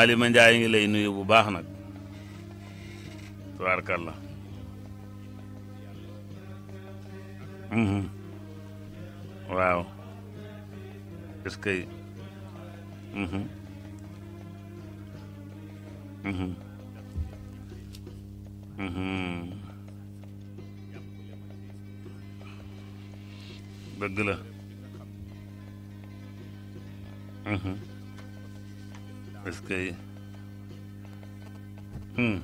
Maalima Ndiaye ngi lay nuyu bu baax nag tubaarkàlla mhm. waaw est-ce que mhm. Mhm. dëgg la porque mm.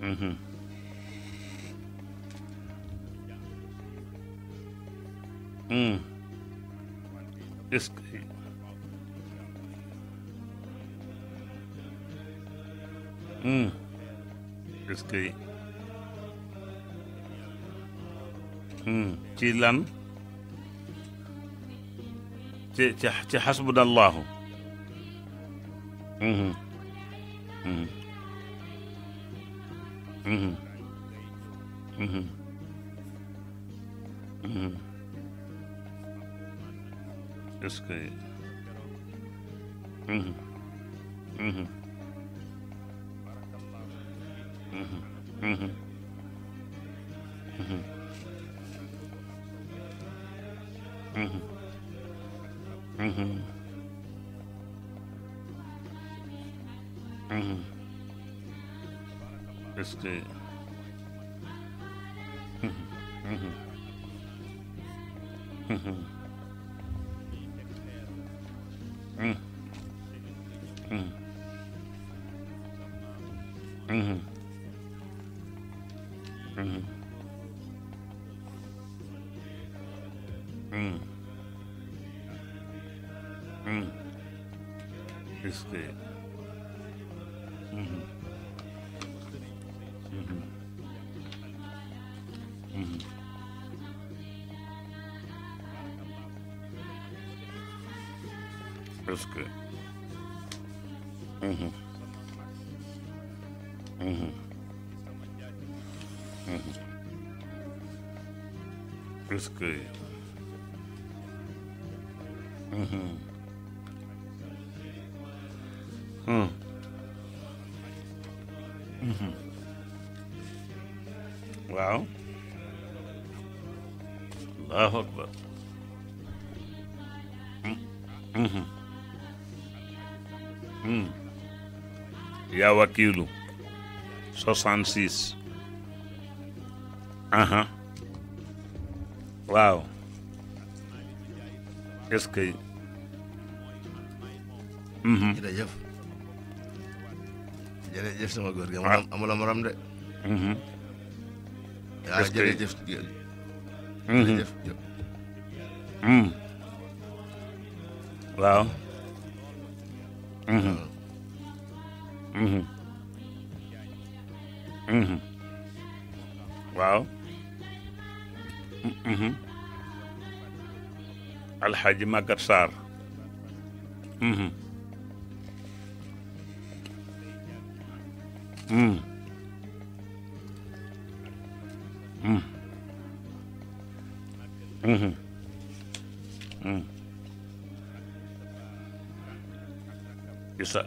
mm-hmm. mm. it's Hmm. mm. it's great mm. ci lan ci ci xasbunallahu Mm-hmm. Mm-hmm. Mm-hmm. Mm-hmm. Mm-hmm. That's good. Mm-hmm. Mm-hmm. Mm-hmm. Mm-hmm. Mm-hmm. Mm-hmm. Mm-hmm. Mm-hmm. It's Mm-hmm. Mm-hmm. Mm-hmm. yaa wakiilu 66 aha waaw est-ce que mhm. jërëjëf jërëjëf sama góor gi ah. amula morom de mhm. ah, mhm. waaw jërëjëf jërëjëf waaw Mhm. Mhm. waaw mhm. alxaaji màggat Sarr isa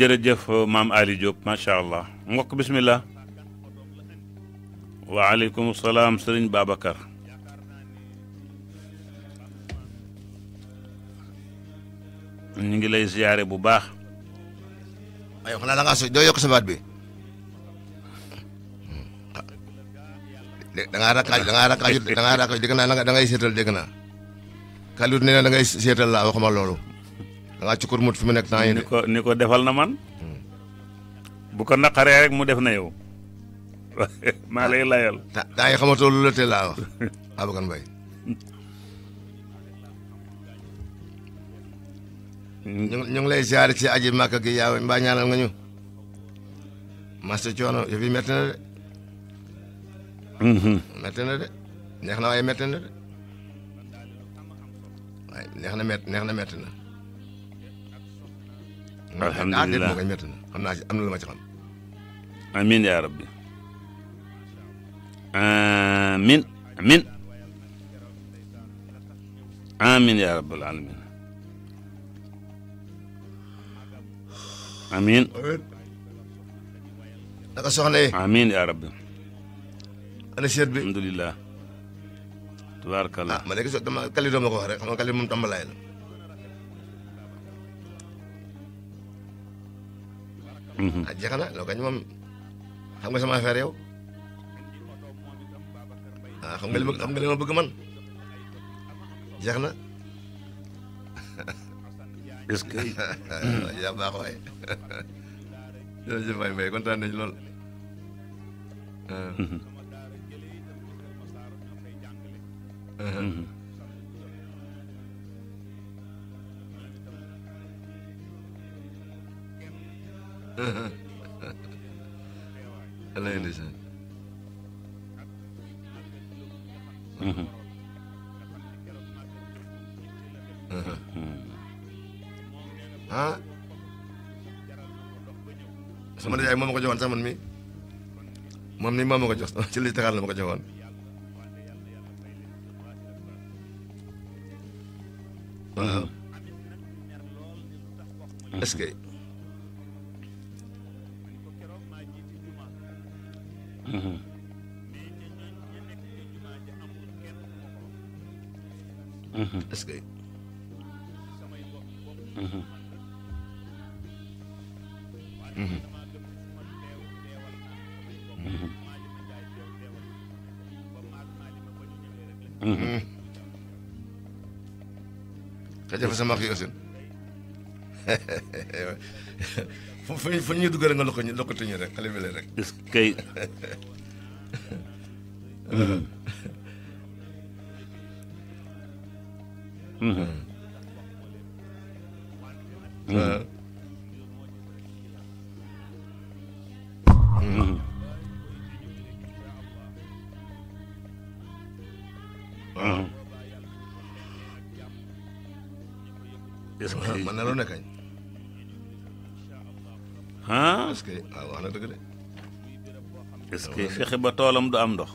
jërëjëf eh, maam Ali Diop macha allah mbokk bismillah waaleykum salaam sëriñ Babacar ñu ngi lay ziaré bu baax. waaye xanaa la nga so do yok sa bat bi. da ngaa rakkaaj da ngaa rakkaaj da nga rakkaaj dégg naa da ngay sétal dégg naa. Kalidou na da ngay sétal la waxuma lolu balaa ci kurmut fi mu nekk temps ni ko ni defal na man. bu ko naqaree rek mu def na yow. maa lay layal. temps yi xamatoo lu la tee laa wax Ababacar ñu ngi lay ziare ci aji màkk gi yaa mbaa ñaanal nga ñu. master coono yëf yi métti na de. Mm-hmm. metti na de neex na waaye métti na de waaye neex na metti na. alhamdulilah koy métti na xam naa ci am na lu ma ci xam amin yaa rabbi amin amin amin yaa rabbal alamin amin naka soxna yi amin yaa rabbi ana seet bi alhamdulilah tabarakallah ma léegi so dama kali doom la ko wax rek xam nga kali moom tàmbalaay la Mm-hmm. ah jeex na loo gañ xam nga sama affaire yow ah xam nga li ma ma bëgg man jeex na. est-ce que. yaa sa ndeysaan mm-hmm. ah sama nijaay moom ma ko joxoon sax man mi moom ni moom ma ko jox ci li taxaar la ma ko joxoon waaw uh-huh. est sama ak Ousseyn fu fu ñuy dugg rek nga loxo ñu loxo ñu rek xale bi lay rek. ba toolam du am ndox.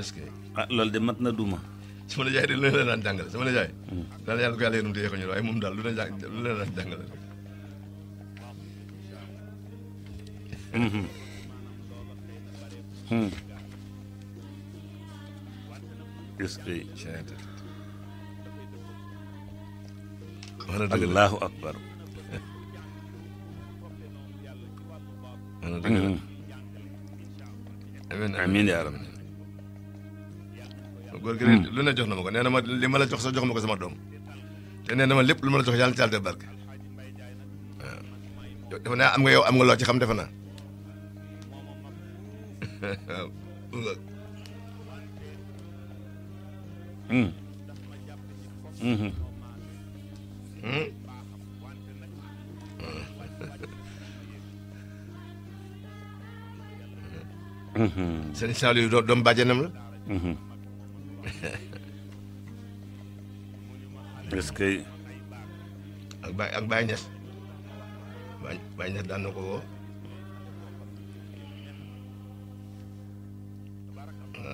est-ce ah loolu de mat na duma. sama la jaay de lu ne la daan jàngale la jaay. daal yàlla ko yàlla yéen a ngi ko ñu waaye moom daal lu ne la daan jàngale. est-ce que. allahu akbar. nee na ma lépp lu ma la jox yàlla na ci yàlla def barke waaw am nga yow am nga loo ci xam defe naa Baye Niass Baye Niass daan na ko woo.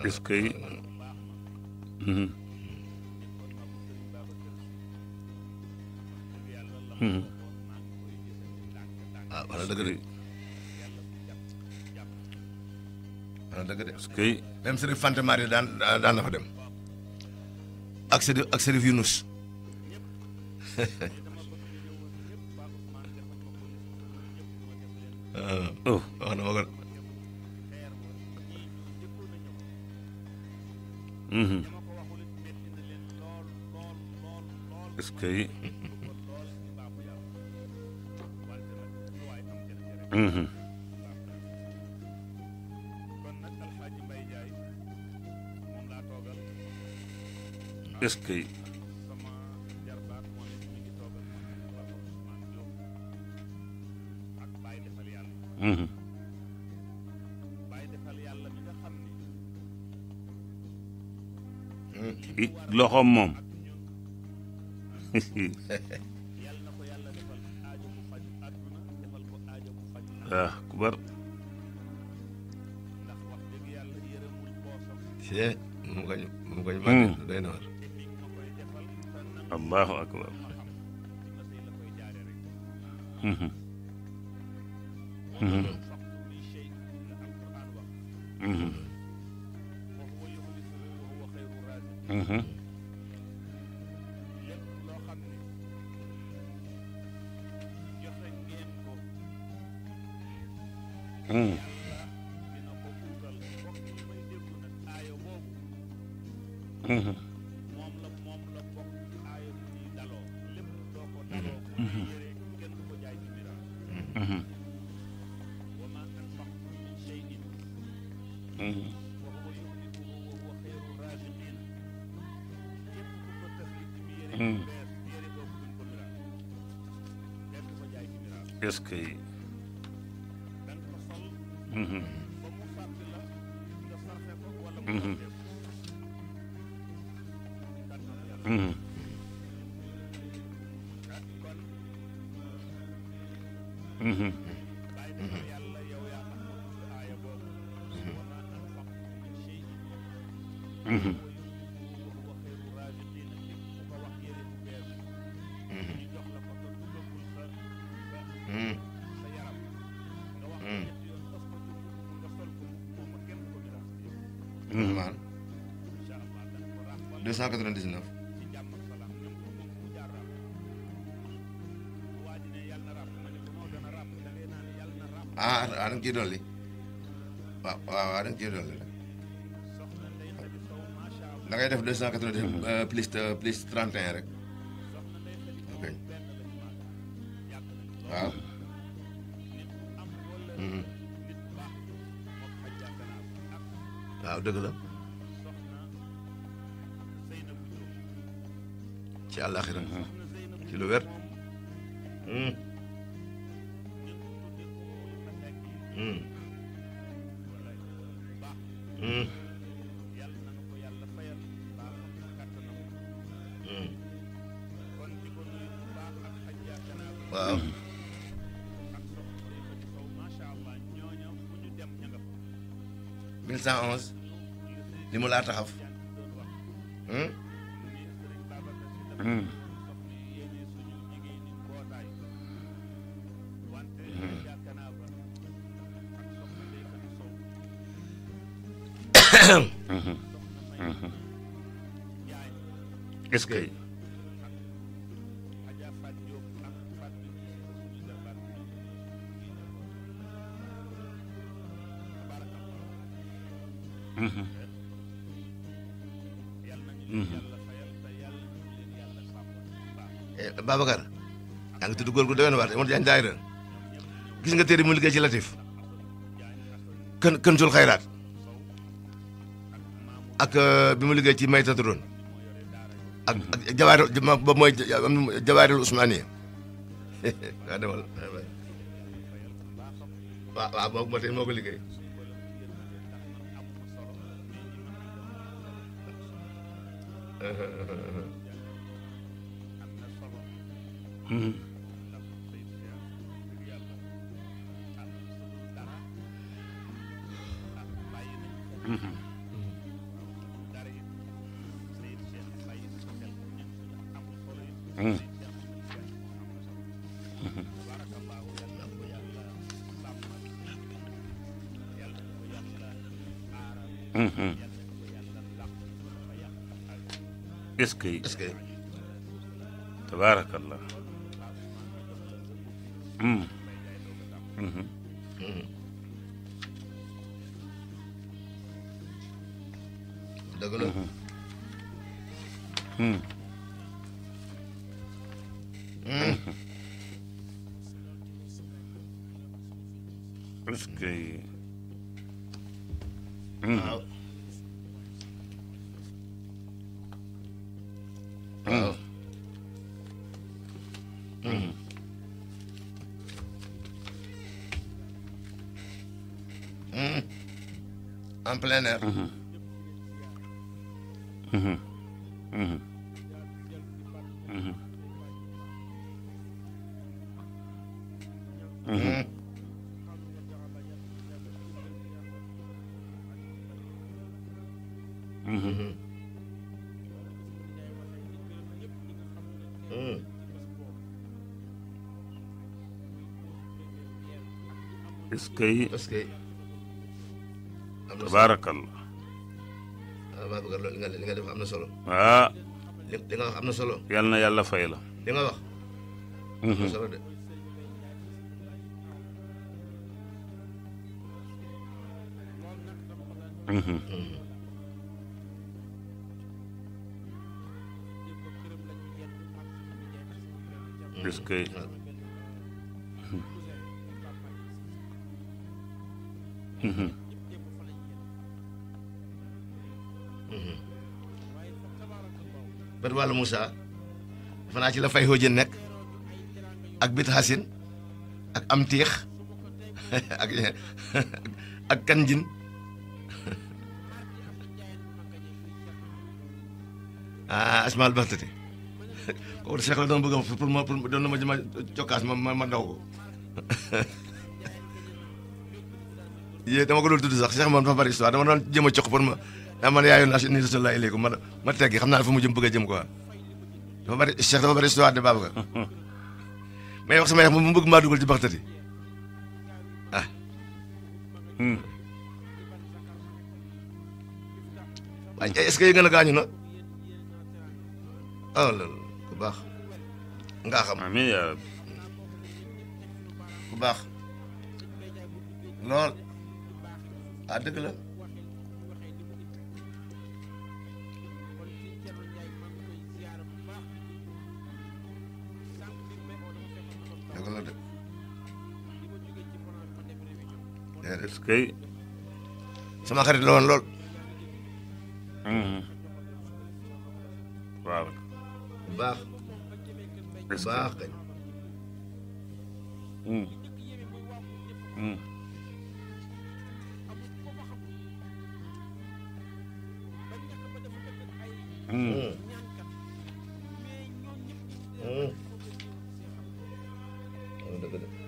est-ce que. Euh, mhm. Mhm. Ah, de wax na dëgg Fanta Mari daan daan na fa dem. ak Serif ak Serif Yunus. Mhm. Mhm. loxoom moom waaw ku bar see mu ko mu hmm. akbar mhm. mm-hmm. que 1999 ah ah da nga ciy dolli waaw waaw waaw da nga ciy dolli nag da ngay def 299 euh, plus euh, plus 31 rek. 711 li mu laa taxaf est-ce que góor gu doyoon waar Omar Diagne daayira gis nga téere mu liggéey ci Latif kën kën sul xayraat ak euh, bi mu liggéey ci Maytatu Doon ak ak jawaar ba mooy est-ce que. est-ce que. tabaarakallah en plein air. Mmh. Mmh. Mmh. Est-ce que... Est-ce que... tabaarakallah. waaw Babacar loolu li nga def am na solo. ah. li nga wax am na solo. yal na yàlla fay la. li nga wax. Mhm. am na solo de. Mhm. Mhm. Moussa dafa ci la fay xóojën nekk ak bit xasin ak am tiix ak ak kanjin ah asmaal baxtati kooku Cheikh la doon bëgg pour ma pour doon na ma ma cokkaas ma ma ma ko yé dama ko doon tudd sax Cheikh moom dafa bari histoire dama doon jëm a cokk pour ma daa man yaayu naa si ni rasulullah ma teggi xam naa fu mu jëm bëgg jëm quoi dama bari Cheikh dama bari histoire de Babacar may wax sama yax moom mu bëgg maa dugal ci baxtati ah hmm. waaye est-ce que yëngal na gaañu na oh, baax nga xam ah, euh, baax lool ah dëgg la kay sama xarit la woon lool. Hmm. waaw. baax. baax kañ. Hmm. Hmm. dëgg la.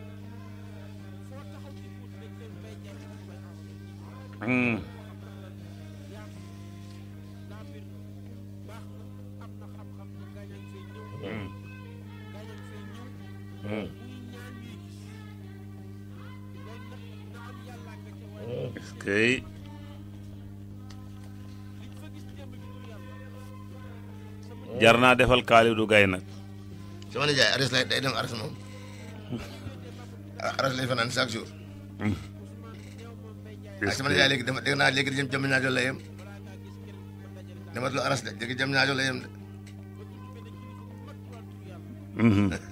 jar naa defal Khalidou Gaye nag. sama nijaay Ares lay day dem Ares moom Ares lay fanaan chaque jour. ak sama yaay léegi dama dégg naa léegi jëm jëm ñaajo la yem dama lu aras de léegi jëm ñaajo la yem de mhm.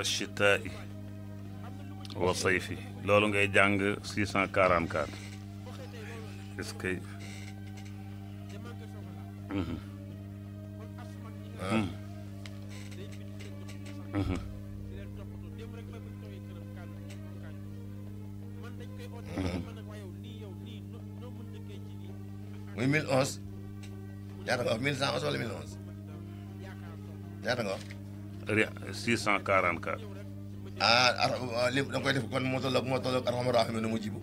rihlata chitaai wa sayfi loolu ngay jàng 644 est-ce que muy 1011 ñaata nga wax 644. ah ar ah, ah, li da nga koy def kon moo tolloog moo tolloog arhamar rahimin nu mu jibu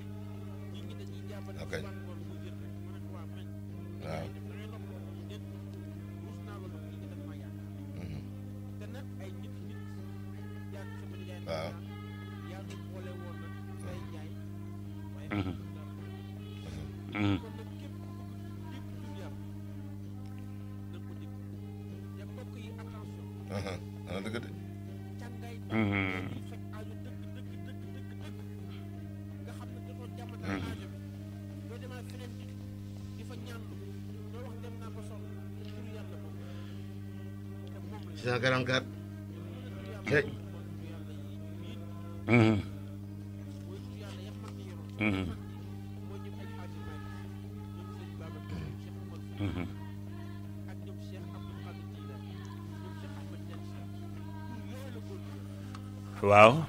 Wow,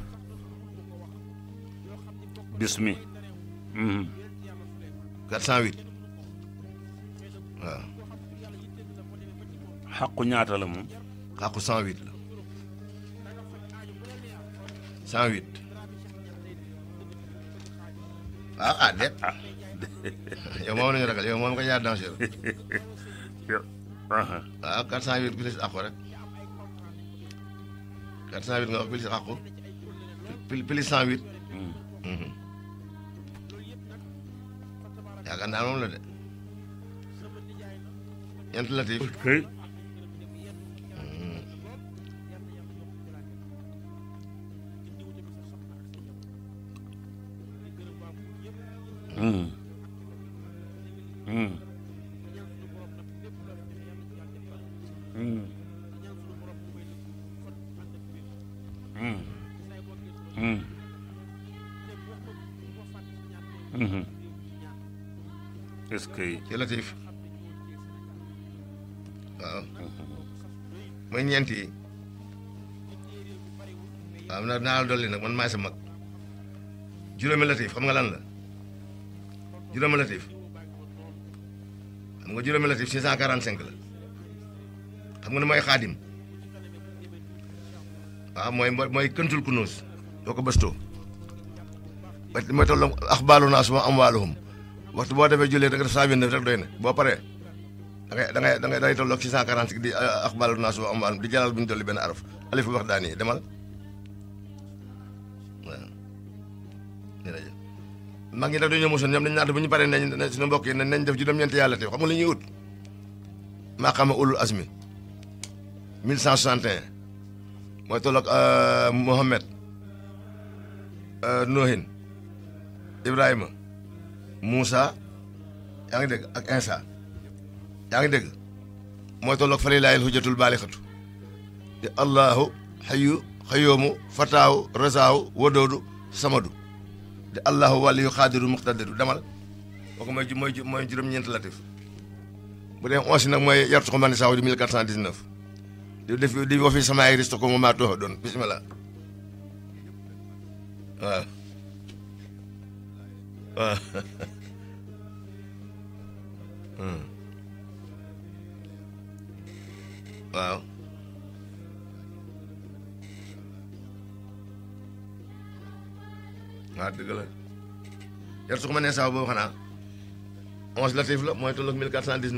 bismi hmm 408 waaw xaqu ñaata la moom xaqu 108 la 108 ah ah de ah. yow moom la ragal yow moom nga ñaar danger yow uh-huh. ah 408 ku ne ako rek 408 nga wax plus àqu plus 108. Mm. yaakaar moom la de. ñeent latif. est-ce waaw. mooy ñeent yi waaw nag naa la dolli nag man maay sa mag juróomi Latif xam nga lan la juróomi Latif xam nga juróomi Latif 645 la xam nga ne mooy xaadim waaw mooy mooy këntul kunuus. doo ko bëstoo. mooy toll ak baalu naa suma am waxtu boo defee julli rek cent vingt neuf rek doy na boo paree da ngay da ngay da ngay day tolloog six cent quarante di eh, eh, axbaalu naas wa am di jalal bu ñu dolli benn araf alif wax daan yi demal mag ñi nag dañoo mosoon ñoom dañ naata bu ñu paree nañ suñu mbokk yi nañ def juróom-ñeenti yàlla te xam nga li ñuy ut maqama ulul azmi 1161 mooy tolloog euh, Mohammed euh, Nohin Ibrahima Moussa yaa ngi dégg ak Insa yaa ngi dégg mooy tolloog fa lilaayil hujjatul baalixatu di allahu xayu xayoomu fataawu rasaawu wadoodu samadu di allahu wàliyu xaadiru muqtadiru demal kooku mooy mooy mooy juróom-ñeent latif bu dee onsi nag mooy yartu ko man saaw di 1419 di def di woo fi sama ay ko ma maa tooxa doon bismillah waaw waaw hmm. waaw waaw dëgg la yar su ko ma boobu xanaa onze latif la mooy tolloog mille quatre cent dix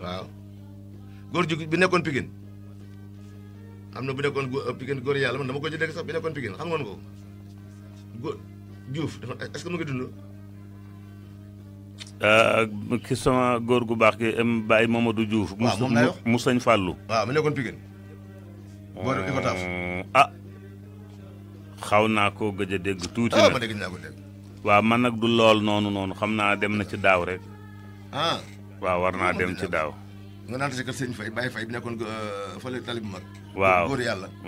waaw góor ju bi nekkoon Pikine am na bu nekkoon Pikine góor yàlla man dama ko ci dégg sax bi nekkoon Pikine xam ngoon ko góor Diouf euh, ki sama góor gu baax gi Baye Mamadou Diouf. waaw moom laa mu sëñ mu nekkoon Pikine. ko taaf. Euh, ah xaw naa koo gëj a dégg tuuti ah, na. ma waaw man nag du lool noonu noonu xam naa dem na ci daaw rek. Ah. waaw war naa dem ci daaw. nga nekkoon euh, fële waaw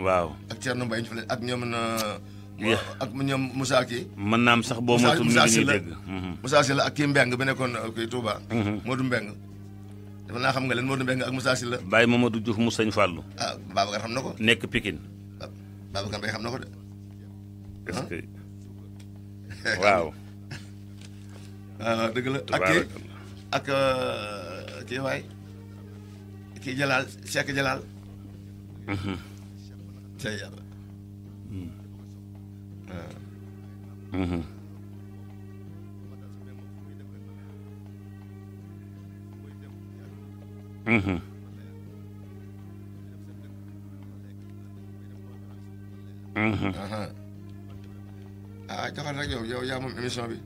waaw ak Thierno Mbaye ñu fële ak ñoom na. ak ñoom musaa ki man naam sax boo moytuwul ñu ngi ñuy ak kii Mbeng bi nekkoon uh, kii Touba. Mhm. Modou Mbeng. dafa naa xam nga leen Modou Mbeng ak Moussa Sylla. Baye Mamadou du mu sëñ Fallou. ah Babacar xam na ko. nekk Pikine. Ah, Babacar Mbaye xam na ko de. est-ce ah. que waaw. Ah, dëgg la ak kii ak uh, kii waay kii Jalaal Cheikh Jalaal. Mhm. ah joxal rek yow yow yaa moom émission bi. day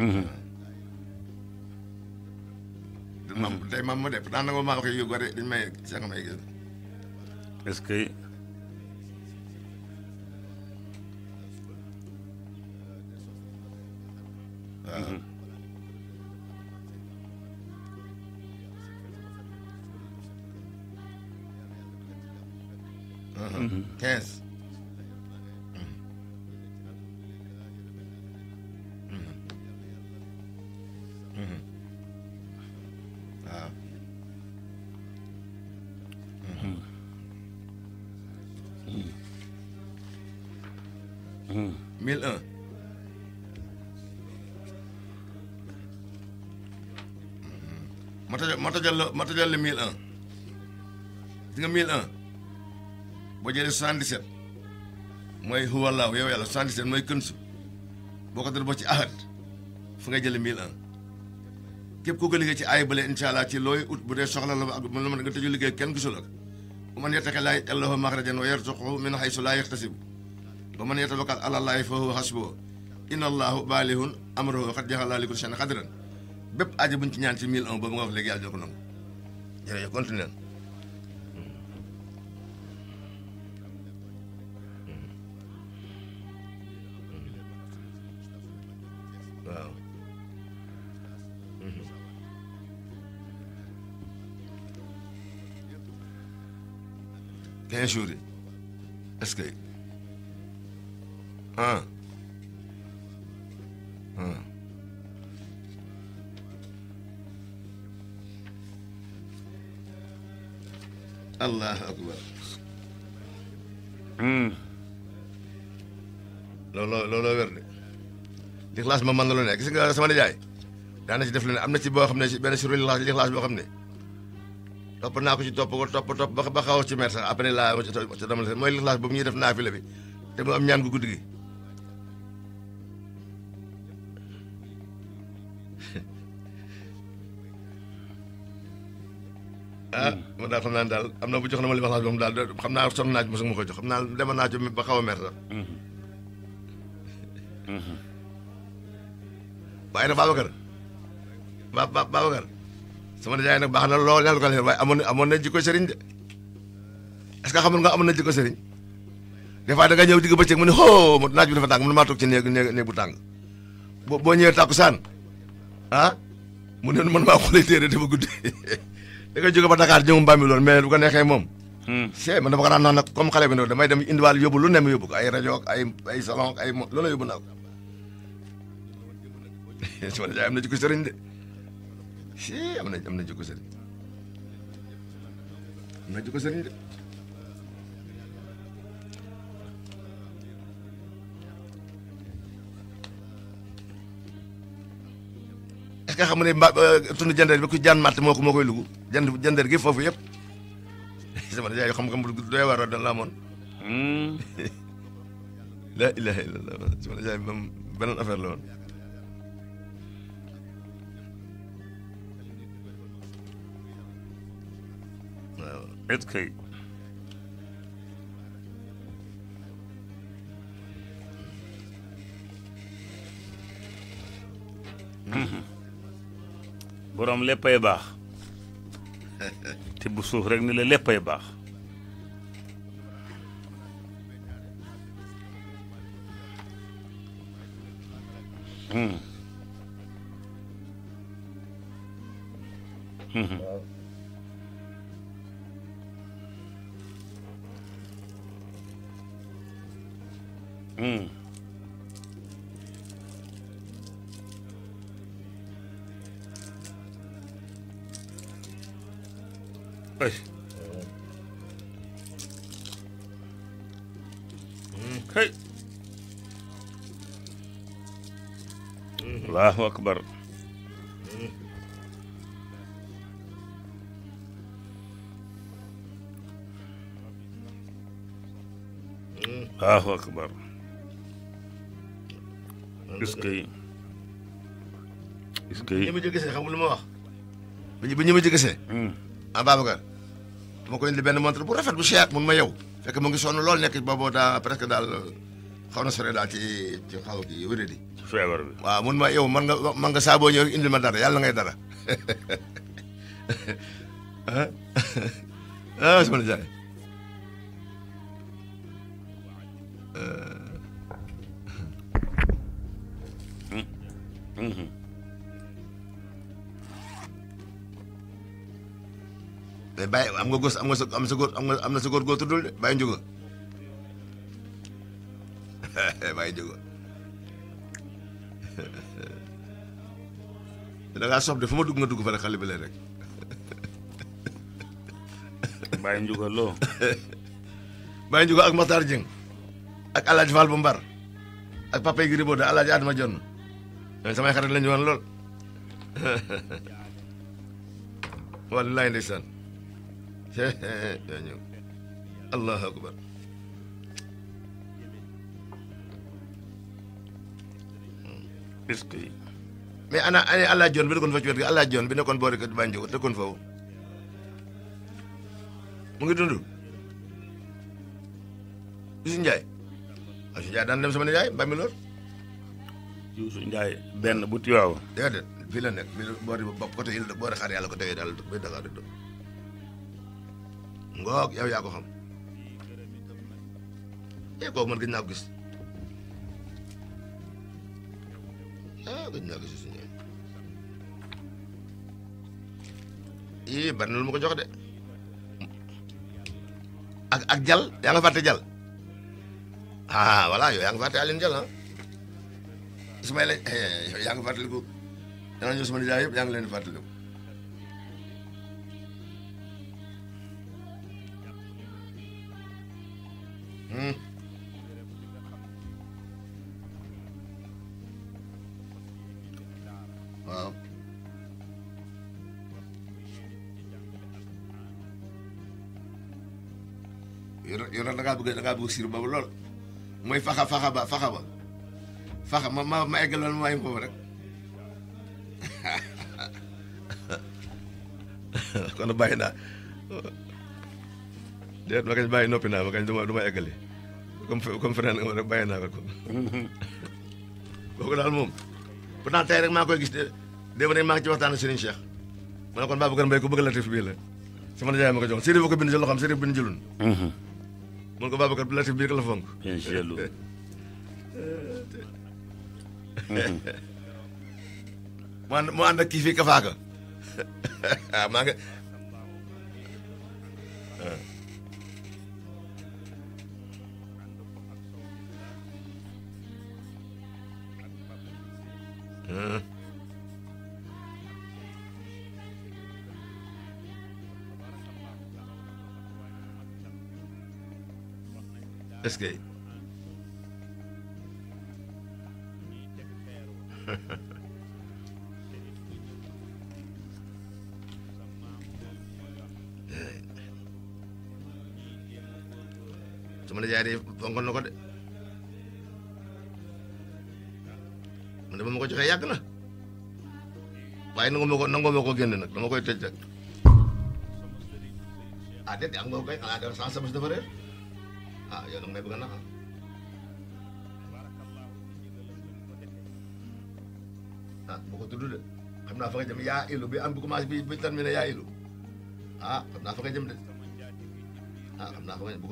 mm-hmm. maam ma def daanaka maa ko yóbbu rek dañu may sànq may gis. est-ce Uhum. hmm Uhum. hmm Mil um. tojal la ma tojal la 1001 gis nga 1001 boo jëlee 77 mooy huwallaahu yow yàlla 77 mooy kënsu boo ko doon boo ci ahad fu ngay jëlee 1001 képp ku liggéey ci ay bële incha ci looy ut bu dee soxla la ak mën nga tëju liggéey kenn gisul ak bu man yattaqillaah yaj'al lahu makhrajan wa yarzuqhu min haysu laa yahtasib ba man yatawakkal ala llaahi fa huwa hasbuh inna baalihun amruhu qad ja'ala li kulli shay'in bépp aajo buñ ci ñaan ci 1001 boobu nga wax léegi yàlla dina ko nangu jërëjëf continué na. waaw. quinze jours yi est-ce que ah. allahu akbar looloo looloo wér de lixlaas ma mën na lu ne gis nga sama nijaay daana ci def lu ne am na ci boo xam ne ci benn suru lixlaas lixlaas boo xam ne topp naa ko ci topp ko topp topp ba xaw ci mer sax après laa ci dama mooy lixlaas boobu ñuy def naafila bi te mu am ñaan gu guddi gi ah ma daal xam naa daal am na bu jox na ma li ma xalaat moom daal xam naa sonn naaj mosuma ko jox xam naa dema naaj ba xaw a mer sax waaye mhm. mhm. nag Babacar ba ba Babacar sama nijaay nag baax na lool yàlla ko leen waaye amoon amoon na jikko sëriñ de est-ce que xamoon nga amoon na jikko sëriñ des fois da nga ñëw digg bëccëg mu ne xoo naaj bi dafa tàng mu ne maa toog ci néeg néeg bu tàng boo boo ñëwee ah mu ne man maa xoolee téere dafa da ngay jóge ba Dakar jëm Bambilor mais bu ko neexee moom. Hmm. c'est man dama ko daan naan nag comme xale bi ndaw damay dem indiwaal yóbbu lu ne ma yóbbu ko ay rajo ay ay salon ay lu ne yóbbu naa ko. si man jaay am na jikko sëriñ de si am na am na jikko sëriñ de. nga xam ne mba euh, tund jandeer bi ku jaan matt moo ko moo koy lugu jand jandeer gi foofu yëpp sama da yaay xam-xam doy waar da laamoon la borom léppay baax tibb suuf rek ni la léppay baax Hmm. Eh. Hey. Allahu Akbar. Allahu Akbar. Iskay. Iskay. Ñu ma jëgëse xamul ma wax. Bañu bañu ma jëgëse. Hmm. ah Babacar dama ko indi benn montre bu rafet bu cher mun ma yow fekk mu ngi sonn lool nekk boobu daa presque daal xaw na sore daal ci ci xaw gi wéré di ci feebar bi waaw mun ma yow man nga man nga saa boo ñëw indil ma dara yàlla ngay dara ah ah sama nijaay te eh, bay am nga gos am nga am sa gor am nga am na sa gor go tudul bay bàyyi bay bàyyi da nga sopp de fuma dug nga dug fa la xali bele rek bay njugo lo bay njugo ak Matar Dieng ak El Hadj bu Mbar ak papay yi Ribo de Adama jonne ñooñu samay xarit lañu won lol wallahi ndeysaan daa ñëw allahu akbar est que mais ana ana allah joon bi nekkoon fa ci wet gi allah joon bi nekkoon boori kër Banjo nekkoon foofu mu ngi dund Youssou Ndiaye ah, Youssou Ndiaye daan dem sama nijaay Mbami Loor Youssou Ndiaye benn bu tiwaaw déedéet fii la nekk fii la boori bopp côté il boori xaar yàlla ko tawee daal bay Dakar di ngok yow ya ko xam e ko man gina gis ah gina gis suñu ii bari na lu ma ko jox de ak ak jal ya nga fatte jal ha wala yow ya nga fàtte Alioune Jal ah Ismaïla eh, ya nga fatte fàttaliku dana ñëw sama nijaay yeb ya nga leen fàttaliku waaw. yoro yoro da ngaa siir boobu lool mooy faxa faxa ba faxa ba faxa ma ma ma mooy foofu rek. kon bàyyi naa. Dia makan bayi nopi nak makan dua dua ekali. ma eggali pernah dengan orang bayi nak aku. Kau kenal mum? Pernah tanya dengan aku tey dia pernah makan gis de sini rek Mana kau ci waxtaan ak Serigne Cheikh latif bilah. Semalam sama makan jong. Siri jox Serigne jalan, siri ci jalan. Mhm. Mana kau jëlun latif bilah kalau fong. Insyaallah. Mhm. Mana mana anda mu kafaga? Mana? Ah. Hmm. That's good. Cuma jadi bongkon-bongkon da ma ma ko joxee yàgg na waaye nangu ma ko ya nangu ya ma ya ko génne nag dama koy tëj rek ah déet am nga ko kay xanaa dara sans semence dafa réer ah yow nag may bëgg ah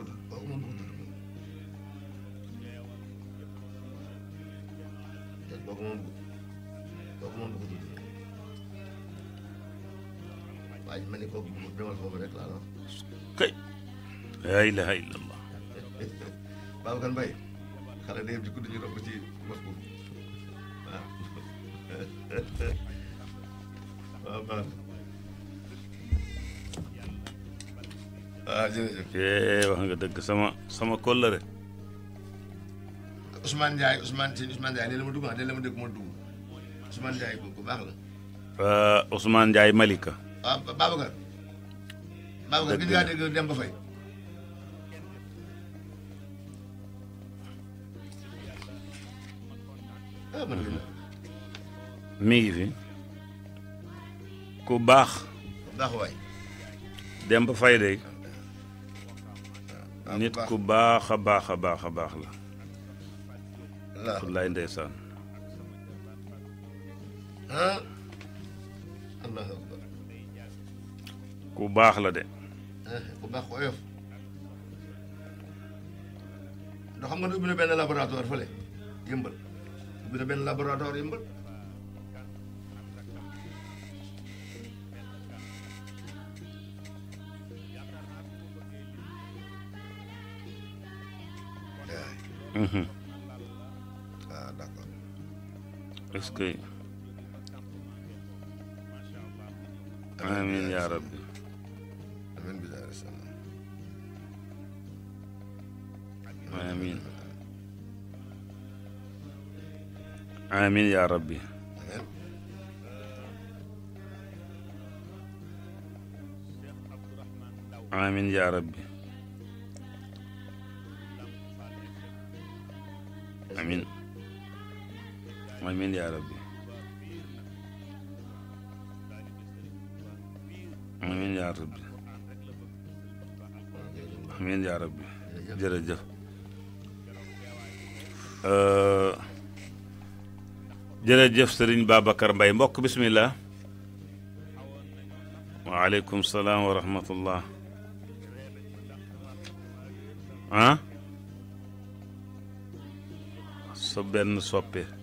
ah ah kooku moom kooku moom du ko tudd waaye ma ne kooku bu demal foofu rek laa la. kay. laa ilaaha illallah. Babacar Mbaye xale day di ku ñu romb ci mos bu waaw waaw. waaw jërëjëf. wax nga dëgg sama sama kóllëre Ousmane Ndiaye Ousmane Tine Ousmane Ndiaye nee na ma dugg ah nee na ma dégg ma dugg Ousmane Ndiaye ku baax la. Euh, Ousmane Ndiaye Malika. waaw ah, Babacar. Babacar gis ngaa dégg Demba Faye. ah man de. mi ngi fi. ku baax. ku baax waay. Demba Faye de. Ah, ah, nit ku baax a baax a baax a baax la. wallaay ndeysaan ah. allahu akbar ku baax la de eh, ku baax ku oyof doo xam nga ne ubbi na benn laboratoire fële yëmbal ubbi yëmbal mhm. est-ce que آمين يا ربي آمين بدار السلام آمين آمين يا ربي آمين يا ربي آمين امين يا ربي امين يا ربي امين يا ربي جرجف جرجة آه، جرجف سرين بابا كرمباي موك بسم الله وعليكم السلام ورحمة الله ها صبر نصبر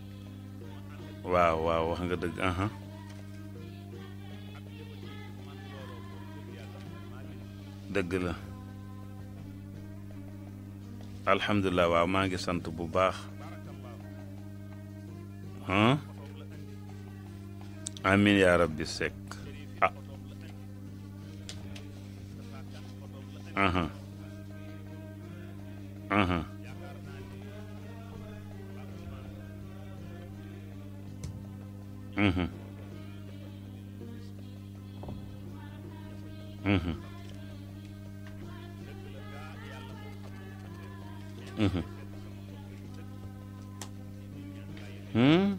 waaw waaw wax nga dëgg dëgg la alhamdulilah waaw maa ngi sant bu baax amin yaa rabbi sekk ah. Hum?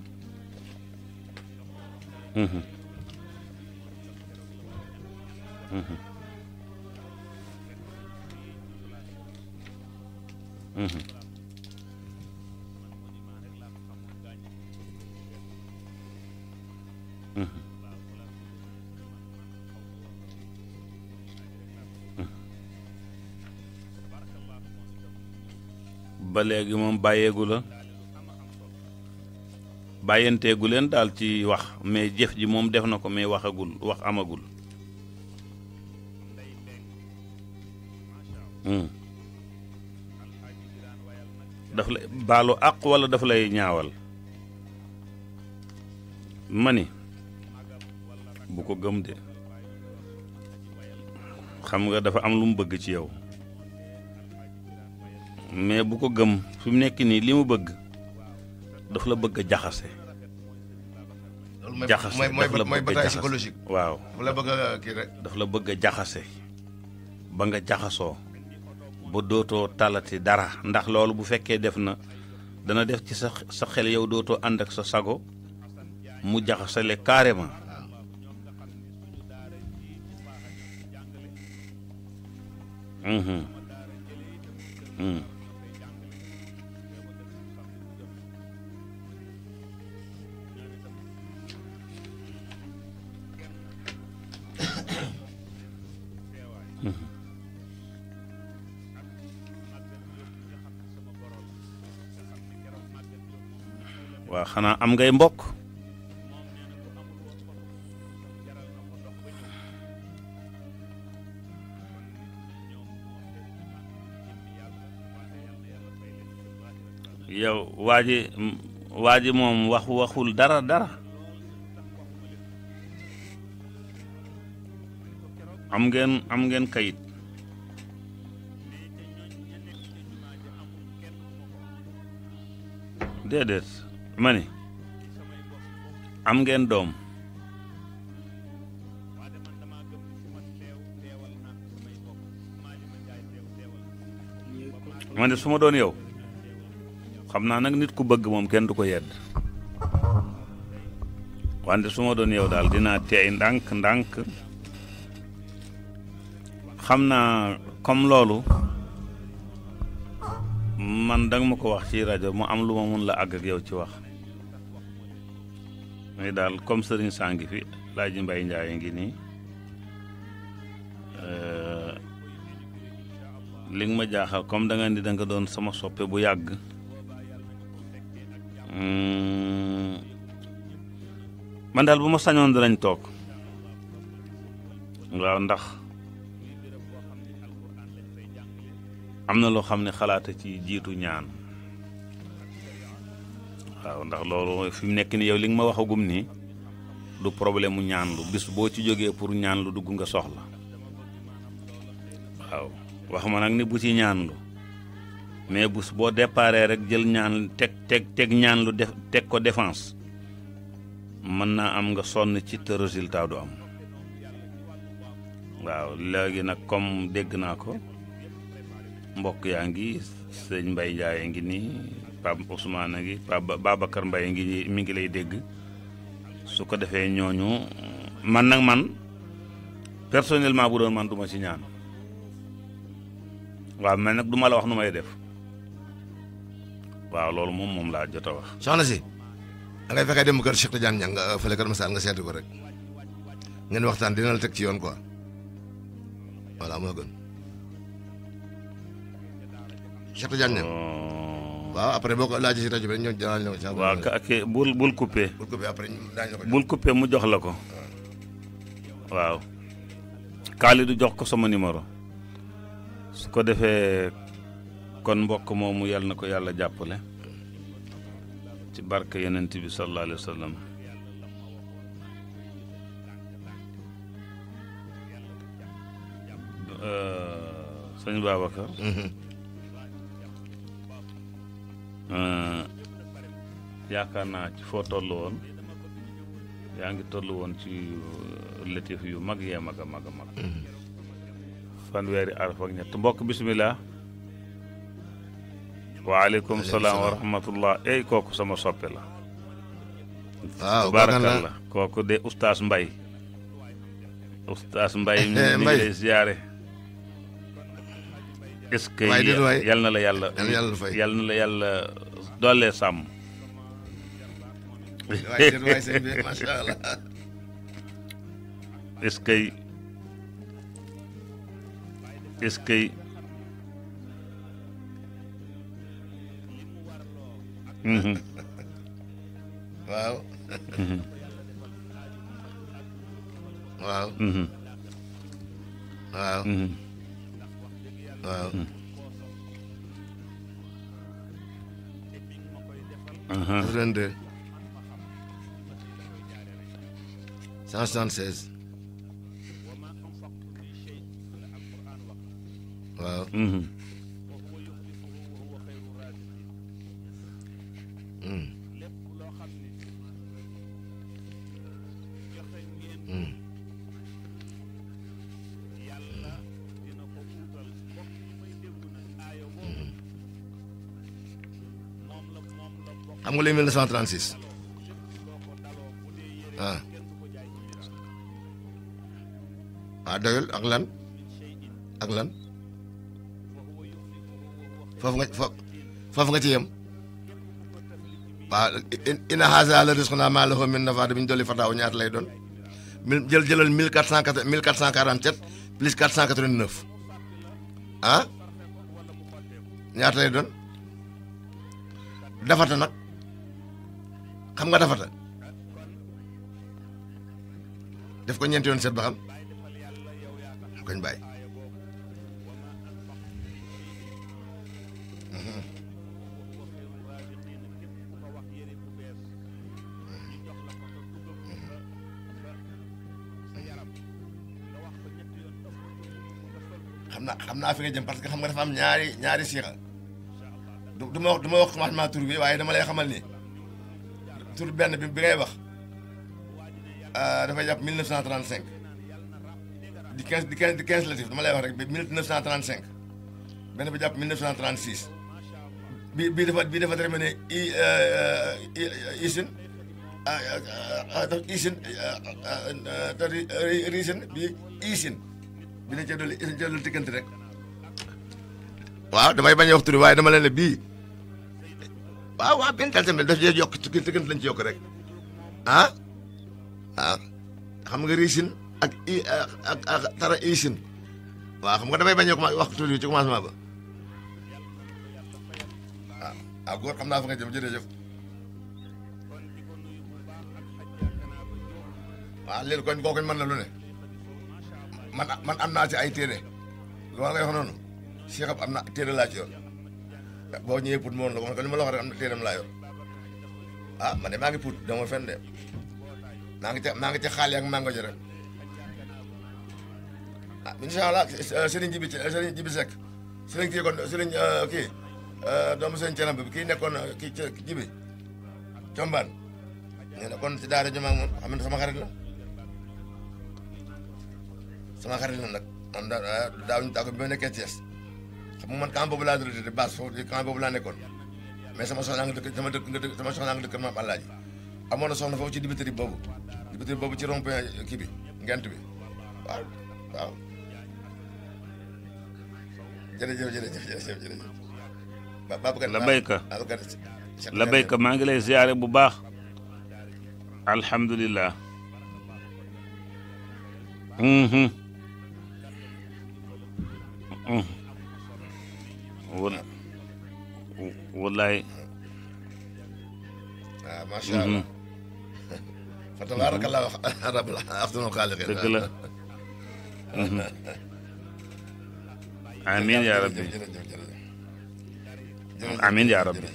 Uhum. Uhum. Uhum. Uhum. ba léegi moom bàyyeegu la bàyyanteegu leen daal ci wax mais jëf ji moom def na ko mais waxagul wax amagul. Hmm. daf lay baalu àq walla daf lay ñaawal. mani bu ko gëm de xam nga dafa am lu mu bëgg ci yow mais bu ko gëm fi mu nekk nii li mu bëgg. dafa la bëgg a jaxase. jaxase dafa la waaw. la bëgg la bëgg jaxase ba nga jaxasoo ba dootoo talati dara ndax loolu bu fekkee def na dana def ci sa sa xel yow dootoo ànd ak sa sago mu jaxasale carrément. Mm-hmm. mm hmm xanaa am ngay mbokk yow waa ji waa ji moom waxu waxul dara dara am ngeen am ngeen kayit déedéet mane am ngeen doom ma ne su ma doon yow xam naa nag nit ku bëgg moom kenn du ko yedd wante su ma doon yow daal dinaa teey ndànk ndànk xam naa comme loolu man danga ma ko wax ci rajo mu am lu ma mën la àgg ak yow ci wax may daal comme sëriñ saa fi laaji mbay njaay ngi nii euh, li nga ma jaaxal comme da nga ni da nga doon sama soppe bu yàgg hmm. man daal bu ma sañoon danañ toog waaw ndax am na loo xam ne xalaata ci jiitu ñaan waaw ndax loolu fi mu nekk ni yow li nga ma waxagum nii du problème mu ñaanlu bis boo ci jógee pour ñaanlu dugg nga soxla waaw wax ma nag ni bu ci ñaanlu mais bu boo déparé rek jël ñaan teg teg teg ñaanlu def teg ko défense mën naa am nga sonn ci te du am waaw léegi nag comme dégg naa ko mbokk yaa ngi sëñ Mbay Jaay ngi nii Pape Ousmane a ngi Babacar Mbaye ngi mi ngi lay dégg su ko defee ñooñu man nag man personnellement bu doon man duma ci ñaan waaw mais nag duma la wax nu may def waaw loolu moom moom laa jot a wax. soxna si dangay fexe dem kër Cheikh Tidiane ñang nga euh, fële kër Massal nga seeti ko rek ngeen waxtaan dina la teg ci yoon quoi voilà moo gën Cheikh Tidiane waaw après boo ko laajee rajo bi ñoom daañu la ko. saa waaw kii bul bul coupé. bul coupé mu jox la ko. waaw. du jox ko sama numéro. su ko defee kon mbokk moomu yal na ko yàlla jàppale. ci barke yonent bi sallallahu alayhi Euh, yaakaar naa ci foo toll woon yaa ngi toll woon ci euh, latif yu mag yee mag a mag a mag mm-hmm. fanweeri araf ñett mbokk bisimilah waaleykum salaam wa rahmatullah kooku sama soppe la waaw barakallah kooku de oustaz mbay oustaz mbay mi ngi ziyaare est-ce que yal na yàlla yàlla mhm. waaw mhm. waaw mhm. waaw waaw daf leen de cent seize waaw lépp loo xam ne xam nga les 1936 ah ah doyul ak lan ak lan foofu nga foofu nga ci yem waaw ina haasa la risquna maa lahu min nafaad bi ñu dolli fataaw ñaata lay doon mille jël jëlal mille quatre cent quatre mille quatre cent quarante sept plus quatre cent quatre vingt neuf ah ñaata lay doon defata nag. xam nga dafata def ko ñeenti yoon seet ba xam koñ bàyyi xam naa xam naa jëm parce que xam nga dafa am ñaari ñaari siixa du ma wax du ma wax tur bi waaye dama lay xamal ni tur benn bi bi ngay wax euh, dafay jàpp 1935 di 15 di 15 di 15 latif dama lay wax rek ba 1935 benn bi jàpp 1936 bi bii dafa bii dafa terminé i isin isin risin bi isin bi na cee dolli isin cee dolli tikkante rek waaw damay bañ a wax tur waaye dama leen ne bii waaw waaw benn tali tamit daf cee yokk ci gën lañ ci yokk rek ah, ah. xam nga riisin ak i ak tara isin waaw xam nga damay bañ a wax tuuti ci commencement ba waaw ah, ah góor xam naa fa nga jëm jërëjëf waaw léegi kon kooku mën na lu ne man am naa ci ay téere loolu ngay wax noonu Cheikh am na téere laa ci yoon boo ñëwee pour loh la wax ko li ma la wax rek am na téeram laa ah man de maa ngi pour dama fen de maa ngi ca maa ngi ca xaali ak mango ji rek ah incha allah sëriñ jibi sëriñ jibi Seck sëriñ kii kon sëriñ kii doomu sëriñ Ceenam bi kii nekkoon kii jibi combaan nee na kon si daara ji maa moom xam sama xarit la sama xarit la nag man eh, daaw daaw ñu bi ma nekkee bu man camp boobu laa rejeté base foofu camp boobu laa nekkoon mais sama sama dëkk nga dëkk sama soxna nga amoon na foofu ci dibiteri boobu dibiteri boobu ci rond-point kii bi ngent bi waaw waaw maa ngi lay ziyaare bu baax wala wallaay. Ah, waaw macha allah. Mhm. fa tabarakallah rabbil ahsanul xaaliqiin. dëgg la. Mhm. amiin yaa rabbi amiin yaa rabbi.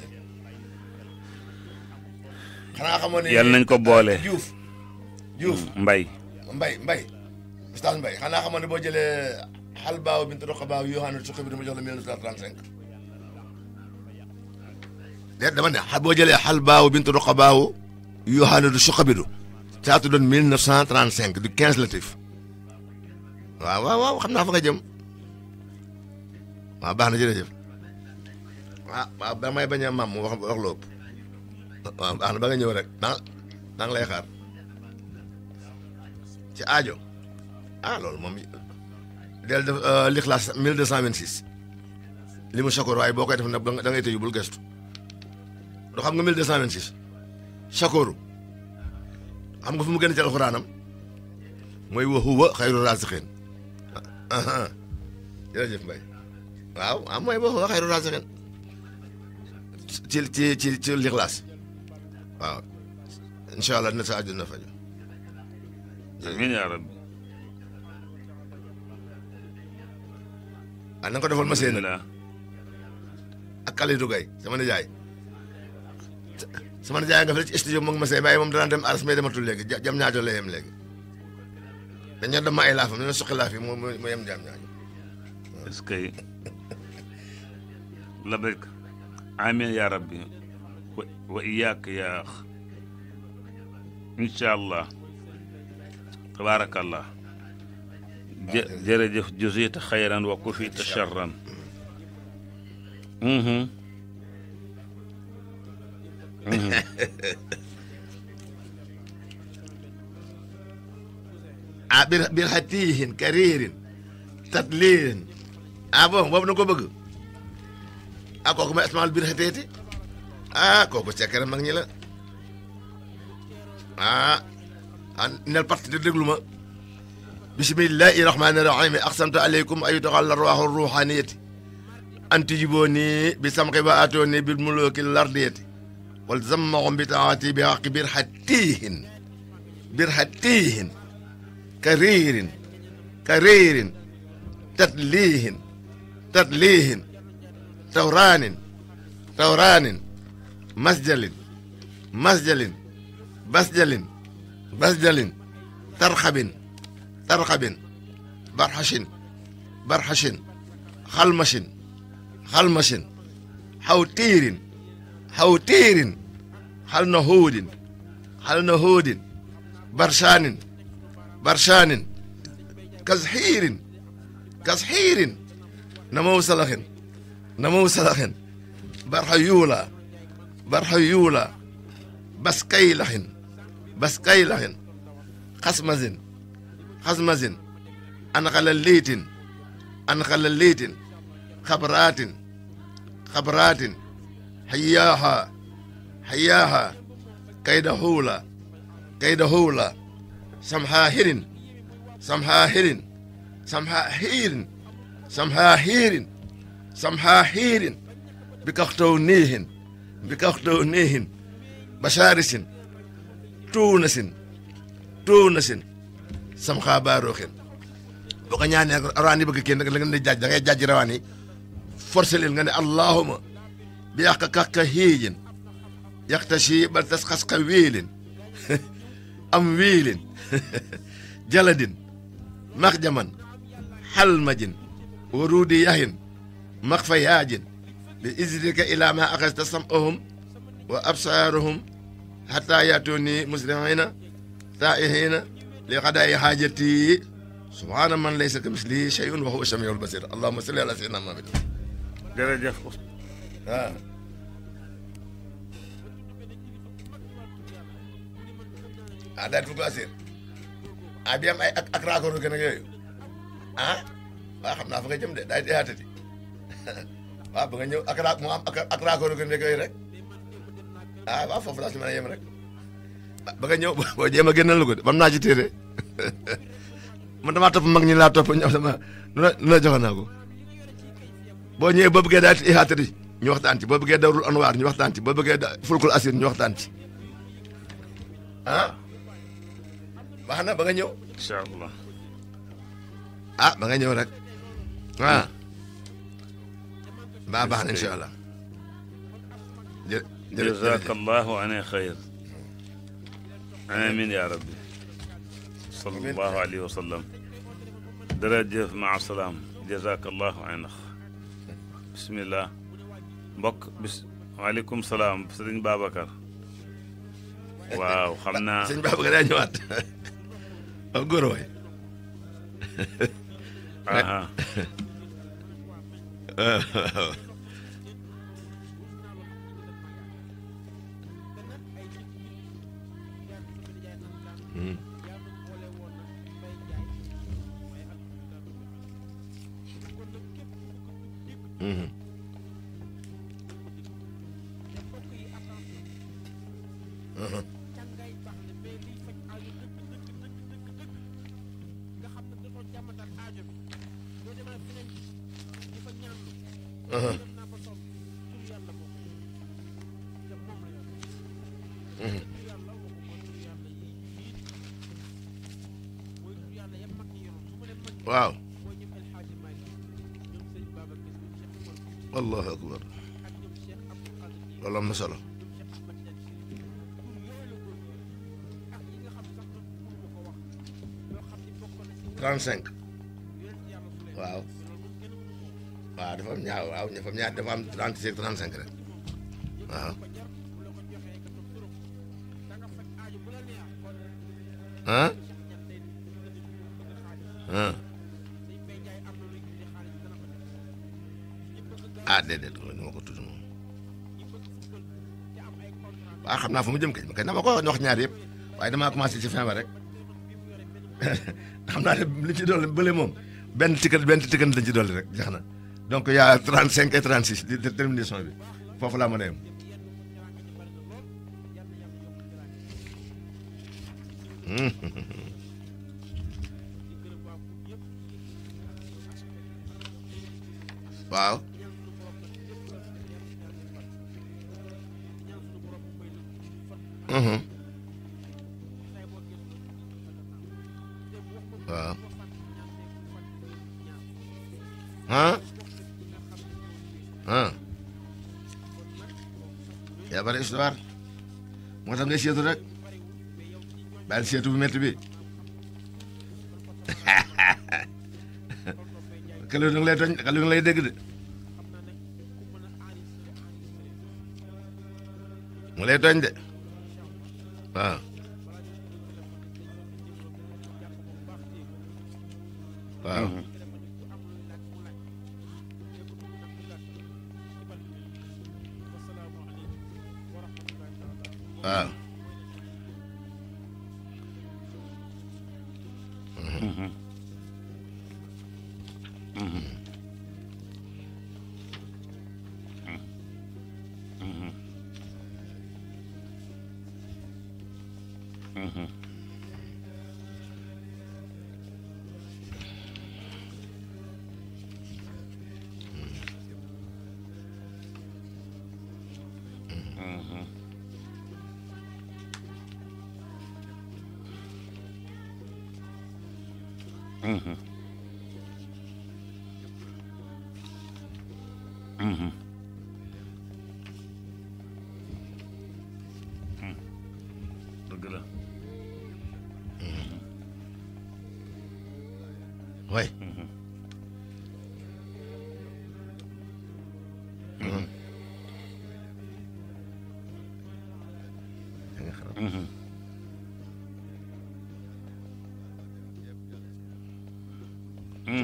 yal nañ ko boole. Ah, Diouf Diouf Mbaye. Mbaye Mbaye. Oustaz Mbaye xanaa xamoo ne boo xal baaw bintu roqa baaw bi dama jox boo jëlee xal baaw bintu roqa baaw yohaana du suqi bi du saatu doon du quinze latif waaw waaw waaw xam naa fa nga jëm waaw baax na jërëjëf ah, waaw waaw a maam wax wax na ba nga ñëw rek maa maa ngi xaar ci aajo ah loolu moom del def euh, lixlaas 1226 li mu sakoor waaye boo koy def nag da ngay tëju bul gestu do xam nga 1226 xam nga fu mu gën ci alxuraanam mooy wa xayru raasixiin jërëjëf ah, ci ci ci ci lixlaas waaw incha allah dina sa àdduna ah na nga ko defal ma seen ak Kalidou Gaye sama nijaay sama nijaay nga fële ci studio moom ma seen waaye moom danaa dem aras mais dematul léegi jam ñaajo lay yem léegi dañoo dem ma ay laafam ñu suqi laaf yi yem jam ñaajo. est-ce que ya rabbi wa iyaak yaa incha allah tabaarakallah jërëjëf juzita xayran wa kufita charran mm-hmm. mm-hmm. ah bir bir kariirin tatliirin ah bon boobu na ko bëgg ah kooku may asmaal bir xateeti ah kooku sekkere mag ñi la ah, ah nel parti de déglu ma بسم الله الرحمن الرحيم أقسمت عليكم أيتها الروح الروحانية أن تجيبوني بسم وآتوني بالملوك الأرضية والزمهم بتعاتي بحق برحتيهن برحتيهن كرير كرير تتليهن تتليهن توران توران مسجل مسجل بسجل بسجل ترخبن ترقبين برحشين برحشين خلمشين خلمشين حوتيرين حوتيرين حل نهودين حل نهودين برشانين برشانين كزحيرين كزحيرين نمو سلخين نمو سلخين برحيولا برحيولا بسكيلحن بسكيلحن قسمزن خلليتن أنا خلليتن خبراتن خبراتن حياها حياها كيد هولا كيد هولا هيرن سمحاهر هيرن بكختو نيهن بكختو نيهن بشارسن تونسن تونسن sam xaa baaroo xen boo ko ñaanee nag rawaan la nga ne jaaj da ngay jaaj rawaan yi forcé allahuma bi yàq kax ka xéején yàqta si tas xas ka am wéeleen jaladin max xalmajin waruudi yaxin bi isrika ilaa ma axasta sam'ahum wa absaaruhum xataa yaatoo taa'ihiina li xadaay xaajati subhaana man laysa kamislihi shay'un wa huwa samiul basir allahumma salli ala sayyidina Muhammad jërëjëf waaw ah daal di ko asir ah bi am ay ak ah, xam naa fa nga jëm de daal di yaatati waaw gën ak yooyu rek ah waaw foofu laa a yem rek ba ñëw boo jéem a génnal de mën naa man damaa topp mag ñi laa topp ñu am sama nu la nu la joxe naa ko boo ñëwee boo bëggee daal ci ihaatari ñu waxtaan ci boo bëggee dawrul anwaar ñu waxtaan ci boo bëggee da fulkul asir ñu waxtaan ci ah baax na ba nga ñëw. incha allah ah ba nga ñëw rek ah hmm. baa baax na incha allah. jë jërëjëf jazakallahu an xayr hmm. amin ya rabbi صلى الله عليه وسلم درجة مع السلام جزاك الله عنك بسم الله بك بس وعليكم السلام بابا بابكر واو خمنا سيرين بابكر يا جماعه اقول وي Mm-hmm. waaw allahu akbar loolu am na solo trente cinq waaw waaw dafa am ñaar waaw dafa am ñaar dafa am trente cinq trente cinq rek waaw xam naa fu mu jëm kañ kañ dama ko wax ñaar yëpp waaye damaa commencé ci fin ba rek xam naa ne li ci bële moom benn tikkat benn tikkat lañ ci dolli rek jeex na donc yaa a 35 et 36 di termination bi foofu laa mën a yem. waaw. waaw ah ah yaa bari histoire moo tax ngay seetu rek bàyyi seetu bu métti bi kële nu ngi lay toñ kële nu ngi lay dégg de mu lay toñ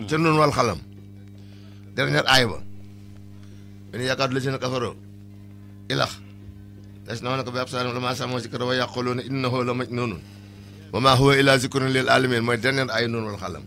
ca noonu wal xalam dernier aay ba benn yaakaar la si na kafaroo ilax las na ma ne ko bi absalam la maa sàmmoo si kër wa yàquluuna innahu la majnuun wa maa huwa illaa zikrun lil aalamiin mooy dernier aay noonu wal xalam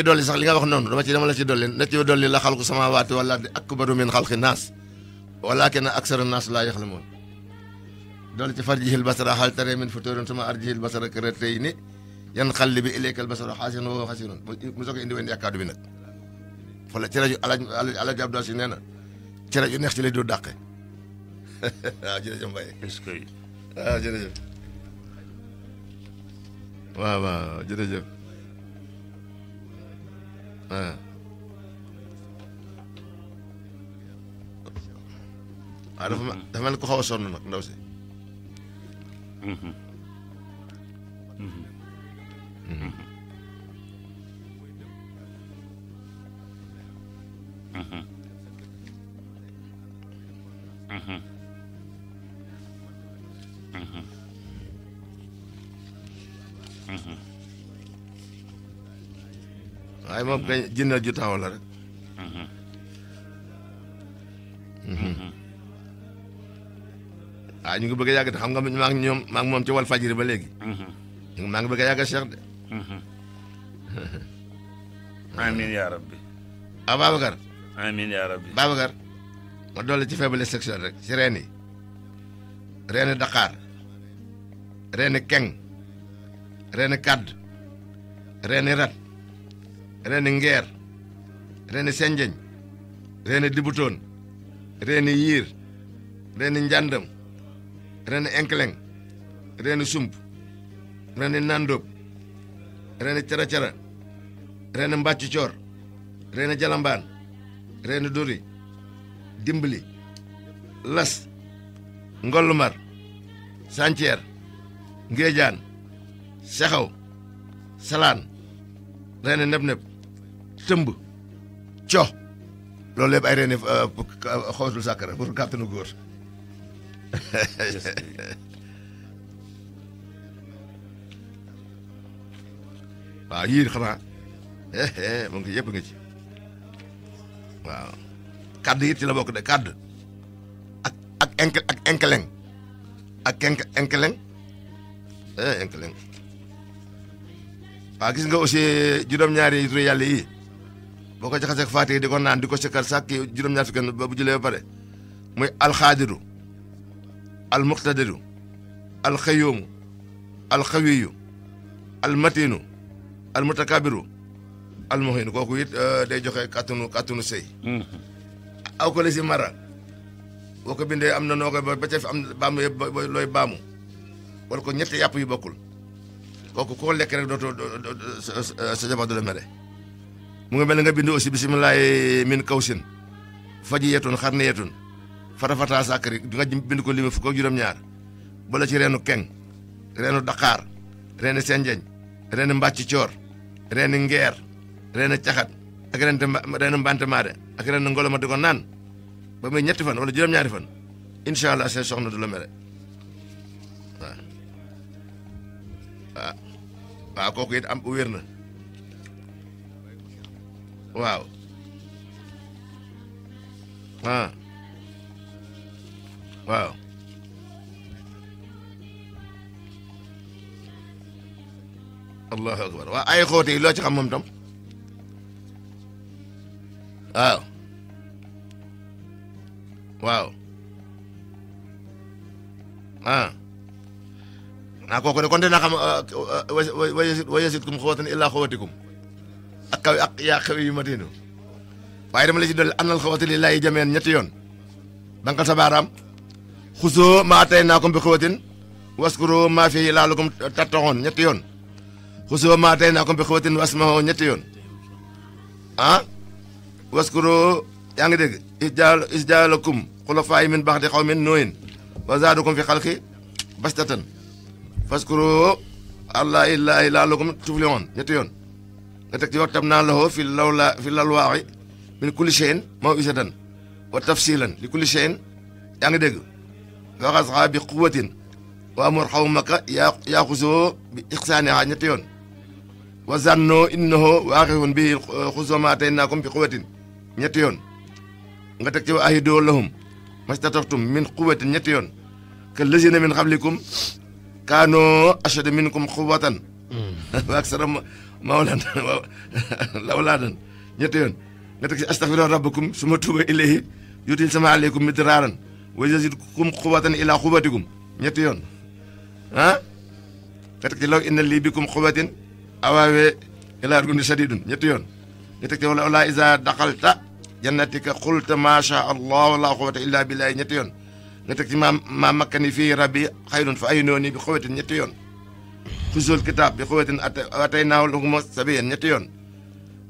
ci dolli sax li nga wax noonu dama ci dama la ci dolli na ci dolli la xalqu samaawaati wala di akbaru min xalqi naas walaakin aksara naas laa yaxlamuun dolli ci farjihil basara hal tara min futuurin suma arjihil basara karratayni yanqalibu ilayka al-basaru xaasi'an wa huwa xasiirun mu soog a indi woon yàkkaadu bi nag fële ci rajo alaaj alaaj Abdou Sy nee na ci rajo neex ci lay du dàqe waaw ce que waaw jërëjëf waaw waaw jërëjëf. waaw dafa mel dafa mel ko xaw a sonn nag ndaw si. Mm-hmm. ay mom kay jinna ju taxaw la rek mm-hmm. ah ñu ngi bëgg a te xam nga ma ngi ñoom maa ngi ci wal fajr ba léegi ñu mm-hmm. ma ngi bëgg a Cheikh de mm-hmm. amin ya rabbi ah, amin ya rabbi babakar ma dolli ci faible section rek ci reene reene Dakar reene Keng reene Kad, reene Rat reni ngeer reni senjeñ reni dibuton reni yir reni njandam reni enkeleng reni sump reni nandop reni cara cara reni mbaccu reni jalamban reni duri dimbali las ngolumar santier ngejan saxaw salan reni nebneb co loolu yëpp ay reeni euh, euh, xoosul sàkkara pour kàttanu góor waaw yii xanaa mu ngi yëpp nga ci waaw kàdd it la bokk de kàdd ak ak ak enkeleng ak enk enkeleng eh, enkeleng waaw gis nga aussi juróom-ñaari turu yàlla yi boo ko jaxasee faatiha di ko naan di ko sikkar sàkki juróom-ñaar fukki ba bu julee ba pare muy alxaadiru almuqtadiru alxayoomu almatinu almutakabiru almuhinu kooku it euh, day joxe kàttanu kàttanu sëy mm-hmm. aw ko li mara boo ko bindee am na noo koy ba ca fi am baamu looy baamu wala ko ñetti yàpp yu bokkul kooku koo lekk rek dootoo sa jabar du mere mu nga mel nga bindu aussi bismillah eh, min kawsin faji yetun xar ne fata farafata sàkkari di nga bindu ko limi nyar, juram ñaar bala ci reenu keng reenu dakar, reenu senjeñ reenu mbàcc coor reenu nguer reenu tiaxat ak reenu reenu mbante ak reenu ngoloma diko nan ba muy ñetti fan wala juram ñaari fan inshallah allah soxna du la mere waaw ko ko it am waaw ah waaw allahu akbar waaw ay xóote yi loo ci xam moom tam waaw waaw ah naa ah, kooku de kon dinaa xam ah, ah, wayasit wayasit kum xóotan illaa xóotikum ak kaw ak yaa xew yu matinu waaye dama la ci dolli annal xawati li lay jameen ñetti yoon banqal sa baaraam xusoo maa tey naa kom bi xawatin waskuro maa fi laalu kom tattaxoon ñetti yoon xusoo maa tey naa kom bi xawatin wasmaxoo ñetti yoon ah waskuro yaa ngi dégg isjaal isjaalakum xulafaay min baax di xaw min nooyin wa zaadukum fi xalqi bastatan faskuro allah illaahi laalukum tuflihon ñetti yoon نتك وقتمنا له في اللولا في اللواعي من كل شيء ما يزدا وتفصيلا لكل شيء يعني دق فغزع بقوة وأمر حومك يأخذه بإحسان عنيتيون وزنوا إنه واقف به خذوا ما أتيناكم بقوة نيتيون نتك وأهدوا لهم ما استطفتم من قوة نيتيون كالذين من قبلكم كانوا أشد منكم قوة وأكثر mawlan waaw lawlaadan ñetti yoon nga teg si astaghfiru rabbakum suma tuuba ilayhi yutil sama aleykum midraaran wa yazidkum quwwatan ila quwwatikum ñetti yoon ah nga teg ci law inna lii bikum quwwatan awaawee ila arguni sadidun ñetti yoon nga teg ci wala wala isa daxalta jannatika qulta ma sha allah la quwwata illa billahi ñetti yoon nga teg ci ma ma makkani fii rabbi xayrun fa aynooni bi quwwatin ñetti yoon فزول كتاب بقوة أتيناه لهم سبيا نتيون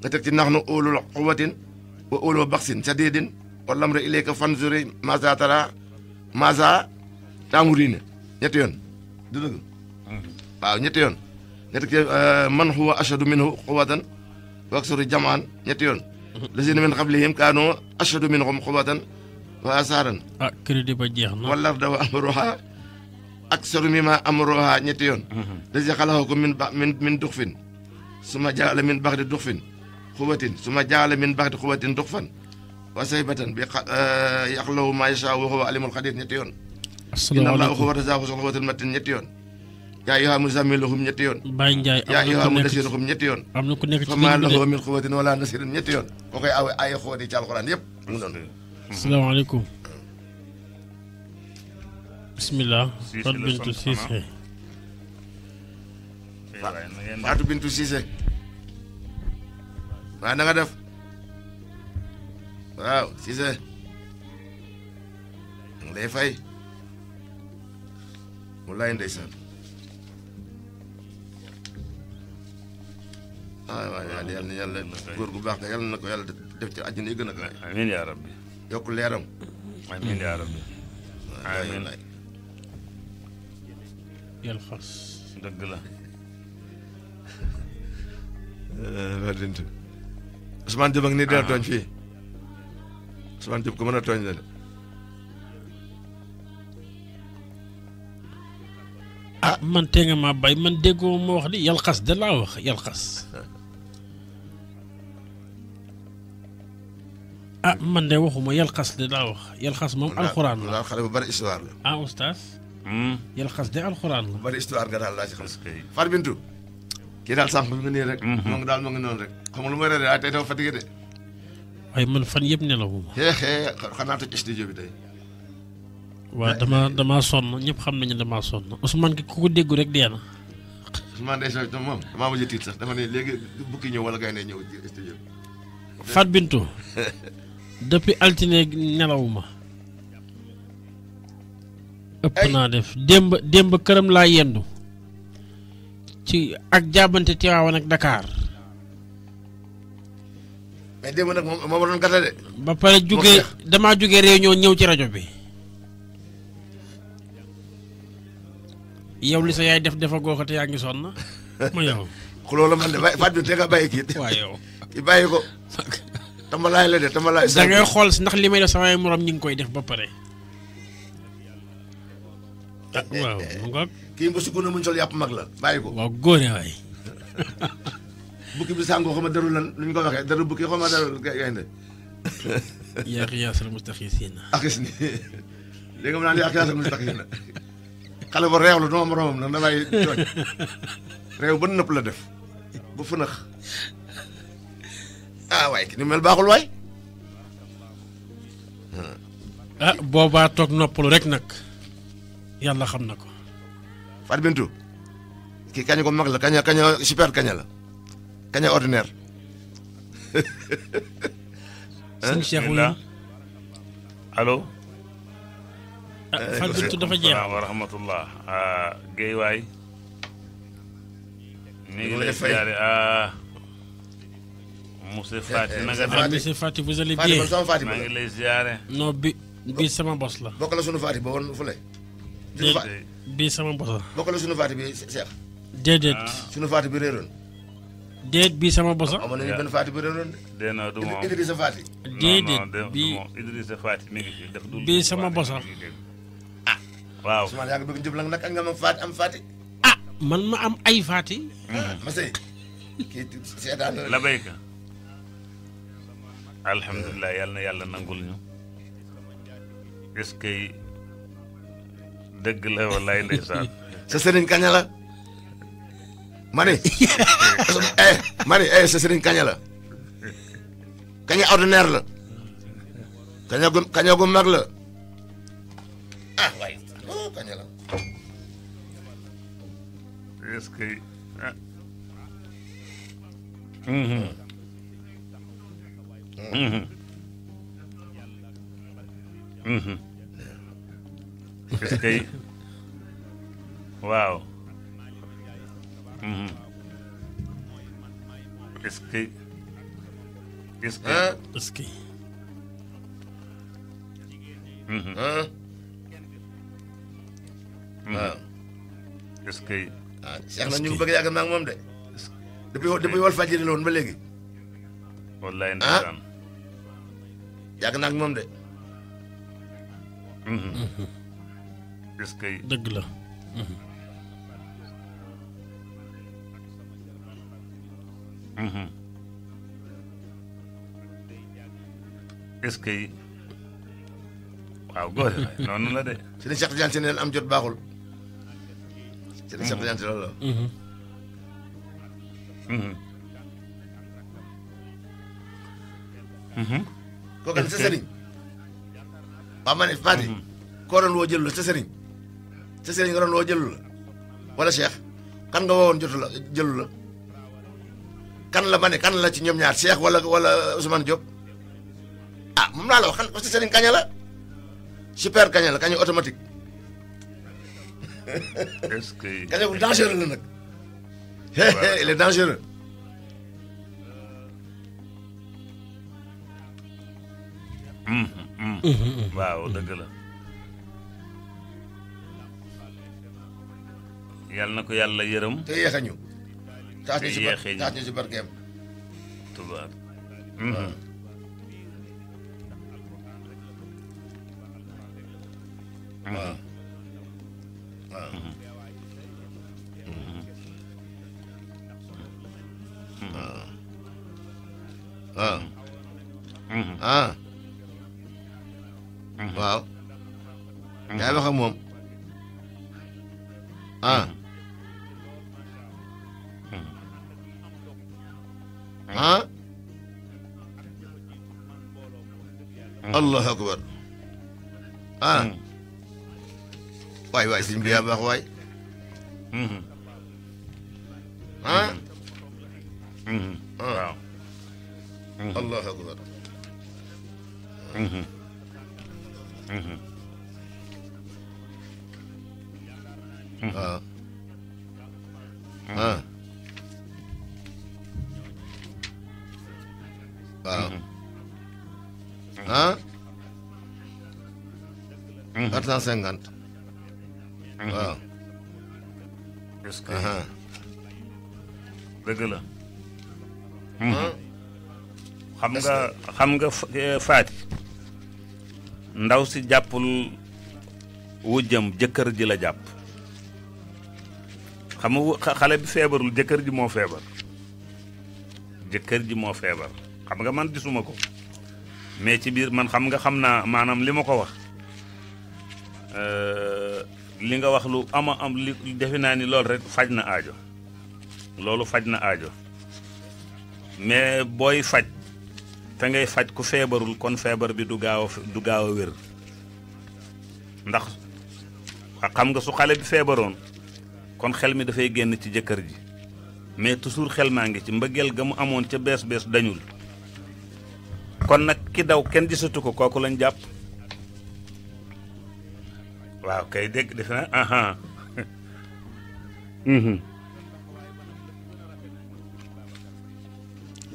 نتك نحن أولو القوة وأولو بخس شديد والأمر إليك فانزوري ماذا ترى ماذا تامرين نتيون دلوقتي. باو نيتيون نيتك من هو اشد منه قوه واكثر جمعا نيتيون الذين من قبلهم كانوا اشد منهم قوه واسارا كريدي با جيخنا والارض وامرها aksaru mimma amruha ñetti yoon dasi mhm. xalaxoo ko min ba min min dux fin su ma jaala min bax di dux fin xubatin su ma jaala min bax di xubatin dux fan wa saybatan bi eh, yaxlawu ma yasha wa huwa alimul xadir ñetti yoon inna allah xuwata zaahu sol xuwatul matin ñetti yoon yaa ayyuha muzammiluhum ñetti yoon Baye Ndiaye yaa ayyuha mudasiruhum ñetti yoon am na ku nekk ci fama lahu min xuwatin ñetti yoon koo koy aw ay xuwati ci alxuraan yëpp mu noonu asalaamaaleykum bisimilah. Eh, Fatou Bintou Cissé. Fatou Bintou def waaw Cissé nga lay fay wallaay ndeysaan ah waaw yàlla na góor gu baax nga yàlla na ko yàlla def ci àjjana yi gën a kawe. yokk leeram. yal xas dëgg euh, ah. ko mën a ah, man tee nga maa bay man déggoo ma wax di yal xas da laa wax yal xas ah, man de waxuma yal xas da laa wax yal xas moom alxuraan la xale bu bari histoire la ah oustaz yàlla xas de alxuraan la. bari histoire nga daal laa ci xam. far bintu kii daal sànq bi nga nii rek. Mhm. moo daal moo ngi noonu rek. xam nga lu may reeree ah, waaye man fan yëpp nelawuma. xanaa toj studio bi tey. waaw damaa damaa sonn ñëpp xam nañu damaa sonn Ousmane ki ku ko déggu rek dee na. Ousmane day sonn moom damaa mujj tiit sax dama ne léegi bukki ñëw wala gaynde ñëw studio bi. Fat Bintou depuis altine nelawuma. ëpp naa def démb démb këram laa yendu ci ak jàbbante Tiwaawan ak Dakar. mais démb nag moom moo doon ba pare jugee damaa jugee réunion ñëw ci rajo bi. yow li sa yaay def dafa goo ko te yaa ngi sonn mu yow. xuloo la man de bàyyi te nga bàyyi kii. waaw xool ndax li may def samay morom ñi ngi koy def ba pare. ah waaw mu ngoog. kii mba sukkandu muñ sol yàpp mag la bàyyi ko. waaw góore waay. bukki bi sàngoo xam ma darul lan nu ñu ko waxee darul bukki xam nga darul gaynde. yaa xiyaasal mustaxiisiina. axis ni léegi mu naan yaa xiyaasal mustaxiisiina xale ba réew la dama moromam nag damay tooñ réew ba nëpp la def ba fënax ah waay ki ni mel baaxul waay. Ah, noppalu rek nag. yàlla xam na ko. Fatou Bintou kii kañ ko mag la kañ kañ super kañ la kañ ordinaire. sëñ Cheikh Wula allo. Fatou Bintou dafa jeex wa rahmatullah Guèye waay. ñu ngi lay siyaare ah. monsieur bi sama bos la. bokk la sunu Fati ba woon fële. suñu va bii sama boso. bokkul ak suñu vaati bi Cheikh. déedéet. Ah. bi sama boso. amoon nañu benn vaati ngi fi def du bii sama waaw Ousmane yaa ngi ak nga am faati. Ah, man ma am ay faati. Ah, ma sey kii seetaan la yàlla na yàlla ñu est deug la wallaay ndaysan sa serigne kagna la ma eh ma eh sa serigne kagna la kagna ordinaire la kagna gum kagna gum mag la ah waay kaña la est-ce que Mm-hmm. Mm-hmm. gis kay waaw gis kay gis kay gis kay waaw gis kay ah Cheikh na ñu ngi bëgg yàgg maa ngi moom de depuis depuis wal fajiri la woon ba léegi wallaay ah. ndeysaan yàgg naa ak moom de bis kay mhm. waaw góor noonu la de si ne Cheikh Tidiane si ne am jot baaxul si ne Cheikh Tidiane si loolu la mhm. Mhm. kooku sa sëriñ waaw ma ne Fati koo doon woo jëlul sa sëriñ ci seen nga lo jël jëlu la wala cheikh kan nga wowoon jottu la jël la kan la ba kan la ci ñom ñaar cheikh wala wala Ousmane Diop ah mom laa la wax kan parce seen sëriñ la super kaña la kaña automatique. est-ce que kaña bu dangereux la nak il est dangereux. Mm Mm Mm -hmm. -hmm. -hmm. hmm, hmm, hmm. dëgg la. yàlla na ko yàlla yërëm. te yéex a tubaab. sëñ bi yaa baax waay. ah. waaw. allahu akbar. waaw. ah. waaw. ah. 450. nga xam nga eh, faati ndaw si jàppul wujjam jëkkër ji la jàpp xam nga xale bi feebarul jëkkër ji moo feebar jëkkër ji moo feebar xam nga man gisuma ko mais ci biir man xam nga xam naa maanaam li ma ko wax euh, li nga wax lu ama am li defe naa ni loolu rek faj na aajo loolu faj na aajo mais booy faj te ngay faj ku feebarul kon feebar bi du gaaw a gaaw a wér ndax xam nga su xale bi feebaroon kon xel mi dafay génn ci jëkkër ji mais toujours xel maa ngi ci mbëggeel ga mu amoon ca bees bees dañul kon nag ki daw kenn gisatu ko kooku lañ jàpp waaw kay dégg defe naa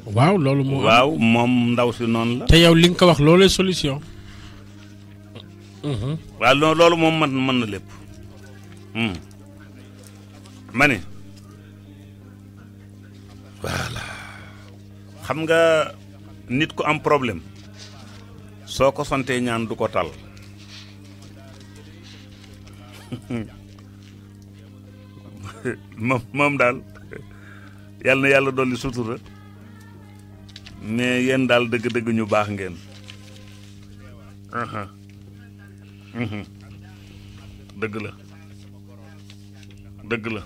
waaw loolu moo waaw moom ndaw si noonu la. te yow li nga ko wax loolu solution. Mhm. waaw loolu moom man mën na lépp. Hmm. ma ne. xam nga nit ku am problème. soo ko santee ñaan du ko tal. moom moom daal yàlla na yàlla dolli sutura. ne yen dal deug deug ñu bax ngeen aha uh-huh. mm-hmm. deug la deug la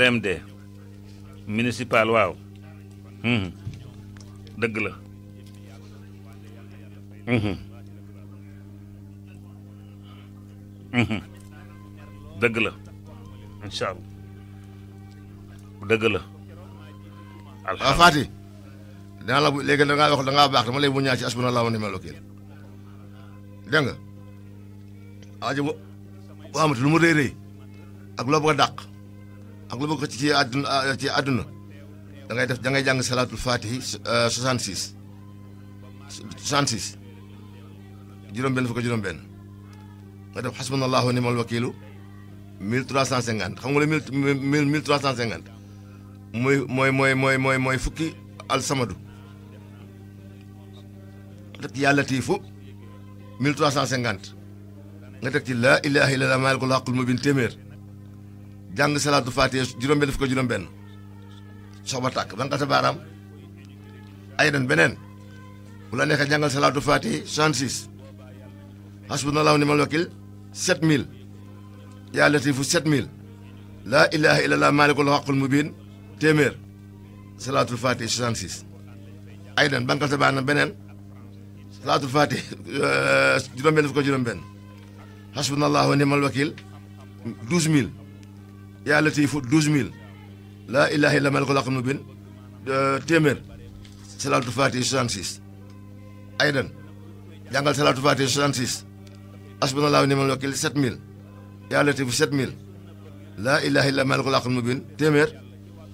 RMD municipal waaw hmm deug la hmm hmm deug la inshallah dëgg la. alhamdulilah waaw Fati. dinaa la léegi da ngaa wax da ngaa baax dama lay muññaa ci asbunallah wa ni'mal wakiil nga aajo bu bu amati lu mu rëy rëy ak loo bëgg a dàq ak lu bëgg ci ci àdduna ah, ci àdduna da ngay def da ngay jàng salaatul fatihi 66 66 euh, juróom-benn fukk juróom-benn nga def xasbunallah wa ni'mal wakiilu 1350 xam nga 1350 muy moy moy moy moy moy fukki al samadu teg ya latifu 1350 nga tek ci la ilaha illallah malikul haqqul mubin temer jang salatu faatiha juróom-benn fukk juróom ben soba tak ba kata baram ay doon benen bu la neexee jàngal salaatu faatiha soixante six hasbunallahu ni'mal wakil 7000 ya latifu 7000 la ilaha illallah haqqul mubin téeméer salaatul fatih 66 aydan bankal sa baax na beneen salaatul fatih euh, juróom-benn fukk juróom-benn hasbunallahu wa ni'mal wakil 12000 yaa latifu 12000 laa ilaha illa malikul haqqul mubin téeméer salaatul fatih 66 aydan jàngal salaatul fatih 66 hasbunallahu wa ni'mal wakil 7000 yaa latifu 7000 laa ilaha illa malikul haqqul mubin téeméer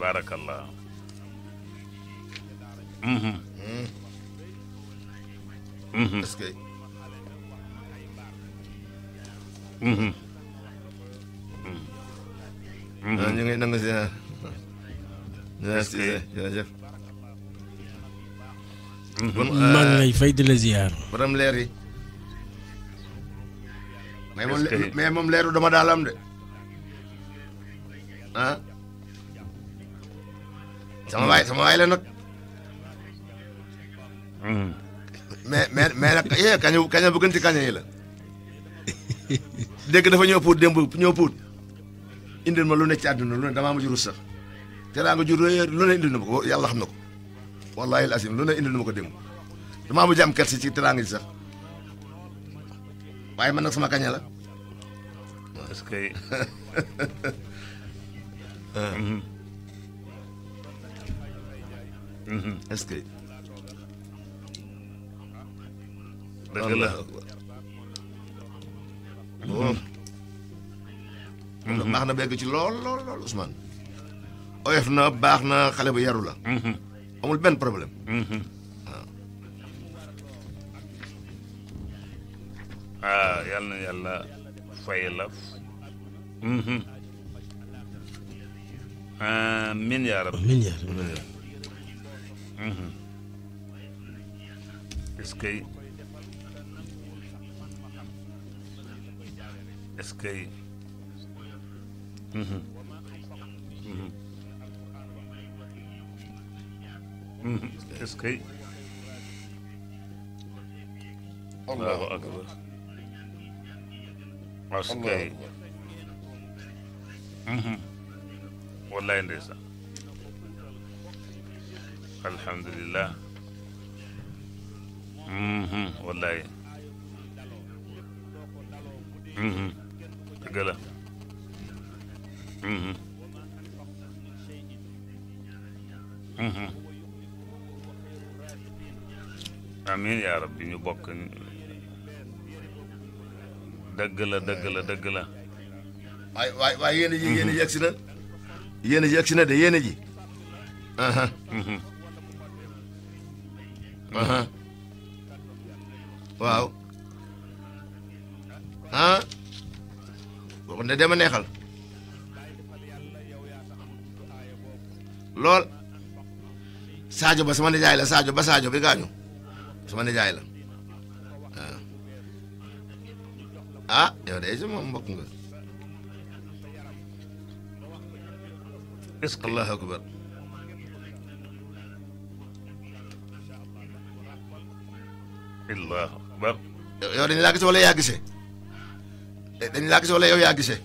baarakallah mm-hmm. mm-hmm. est-ce que mm-hmm. ah, ñu ngi nangu euh, leer yi leeru dama daal de ah sama waay sama waay la nag. Mm. mais mais mais nag eh kañ kañ bu gën ci kañ yi la. dégg dafa ñëw puut démb ñëw puut indil ma lu ne ci àdduna lu ne damaa ma jurul sax te daa jur lu ne indil na ma ko yàlla xam na ko wallaahi alasim lu ne indil na ma ko démb damaa mujj am kersi ci teraanga ji sax waaye man nag sama kaña la. est mm-hmm. Mm-hmm. est-ce que dëgg la ndax mm-hmm. oh. mm-hmm. baax na bégg ci lool lool lool Ousmane oyof na baax na xale bu yaru la amul benn problème waaw ah, yal na yàlla fay la amiin ah, yaa rabbi amiin yaa rabbi est-ce que est-ce que est-ce que allahu akbar est-ce que alhamdulilah mhm, wallaay mhm, dëgg la mhm. amiin yaa rabbi ñu bokk de yéen a te dama neexal lool Sadio ba sama nijaay la Sadio ba saajo ba gaañu sama nijaay la waaw ah. ah yow de si nga est-ce akbar allahu akbar yow dañu laa gis dañ laa gis wala yaa gisee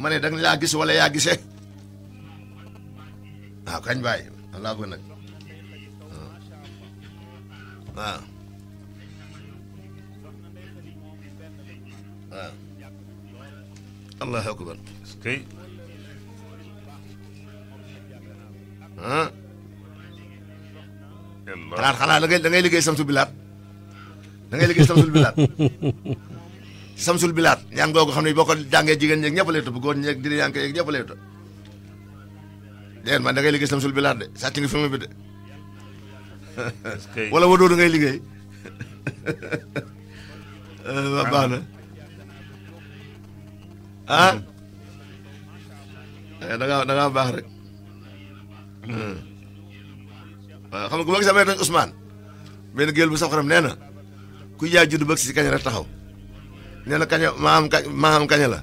ma ne laa gis wala yaa gisee waaw kañ bàyyi laa bëgg nag waaw waaw allahu akbar kay ah. xalaat xalaat da ngay da ngay liggéey samsu bilaat da liggéey samsu bilaat samsul bilaat ñaan googu xam ne boo ko jàngee jigéen ñeeg ñëpp lay topp góor ñeeg diri yànk yeeg ñëpp lay man da ngay liggéey samsul bilaat de sàcc nga film bi de wala wadoodu ngay liggéey wa euh, baax na ah eh, da ngaa baax rek hmm. waaw xam nga bu ma gisee may nañ Ousmane benn géwél bu sax xaram nee na ku yaay judd bëgg si kañ rek taxaw nee na kaña maam kañ maam kaña la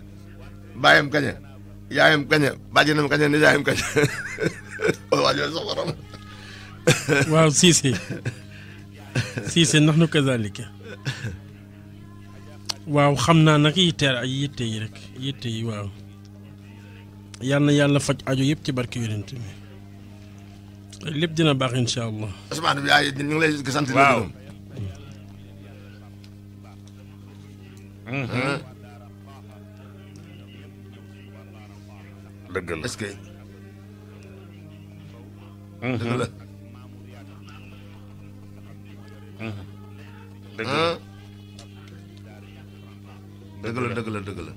baayam kaña yaayam kaña bàjjenam kaña nijaayam kaña waajoo sa borom waaw Cissé Cissé ndax nu kazalika waaw xam naa nag yitteer ay yitte yi rek yitte yi waaw yal na yàlla faj aju yëpp ci barke yonent bi lépp dina baax incha allah. Ousmane bi ñu ngi lay sant. waaw Mm-hmm. dëgg la est-ce que. Mm-hmm. Mm-hmm. dëgg la. dëgg la dëgg la dëgg la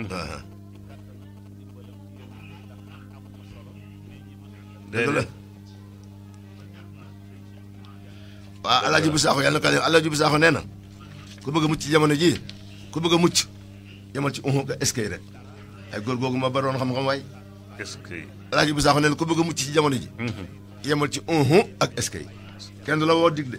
ah, ah. dëgg la. dëgg la. waaw ah, El Hadj Bissakho yàlla na ko El Hadj Bissakho nee na. ku bëgg a mucc jamono jii ku bëgg a mucc yemal ci uhu ka eskay rek ay góor googu ma baroon xam-xam waay. eskay rajo bi sax ne ku bëgg a mucc ci jamono ji. Mhm. yemal ci eskay kenn du woo dig de.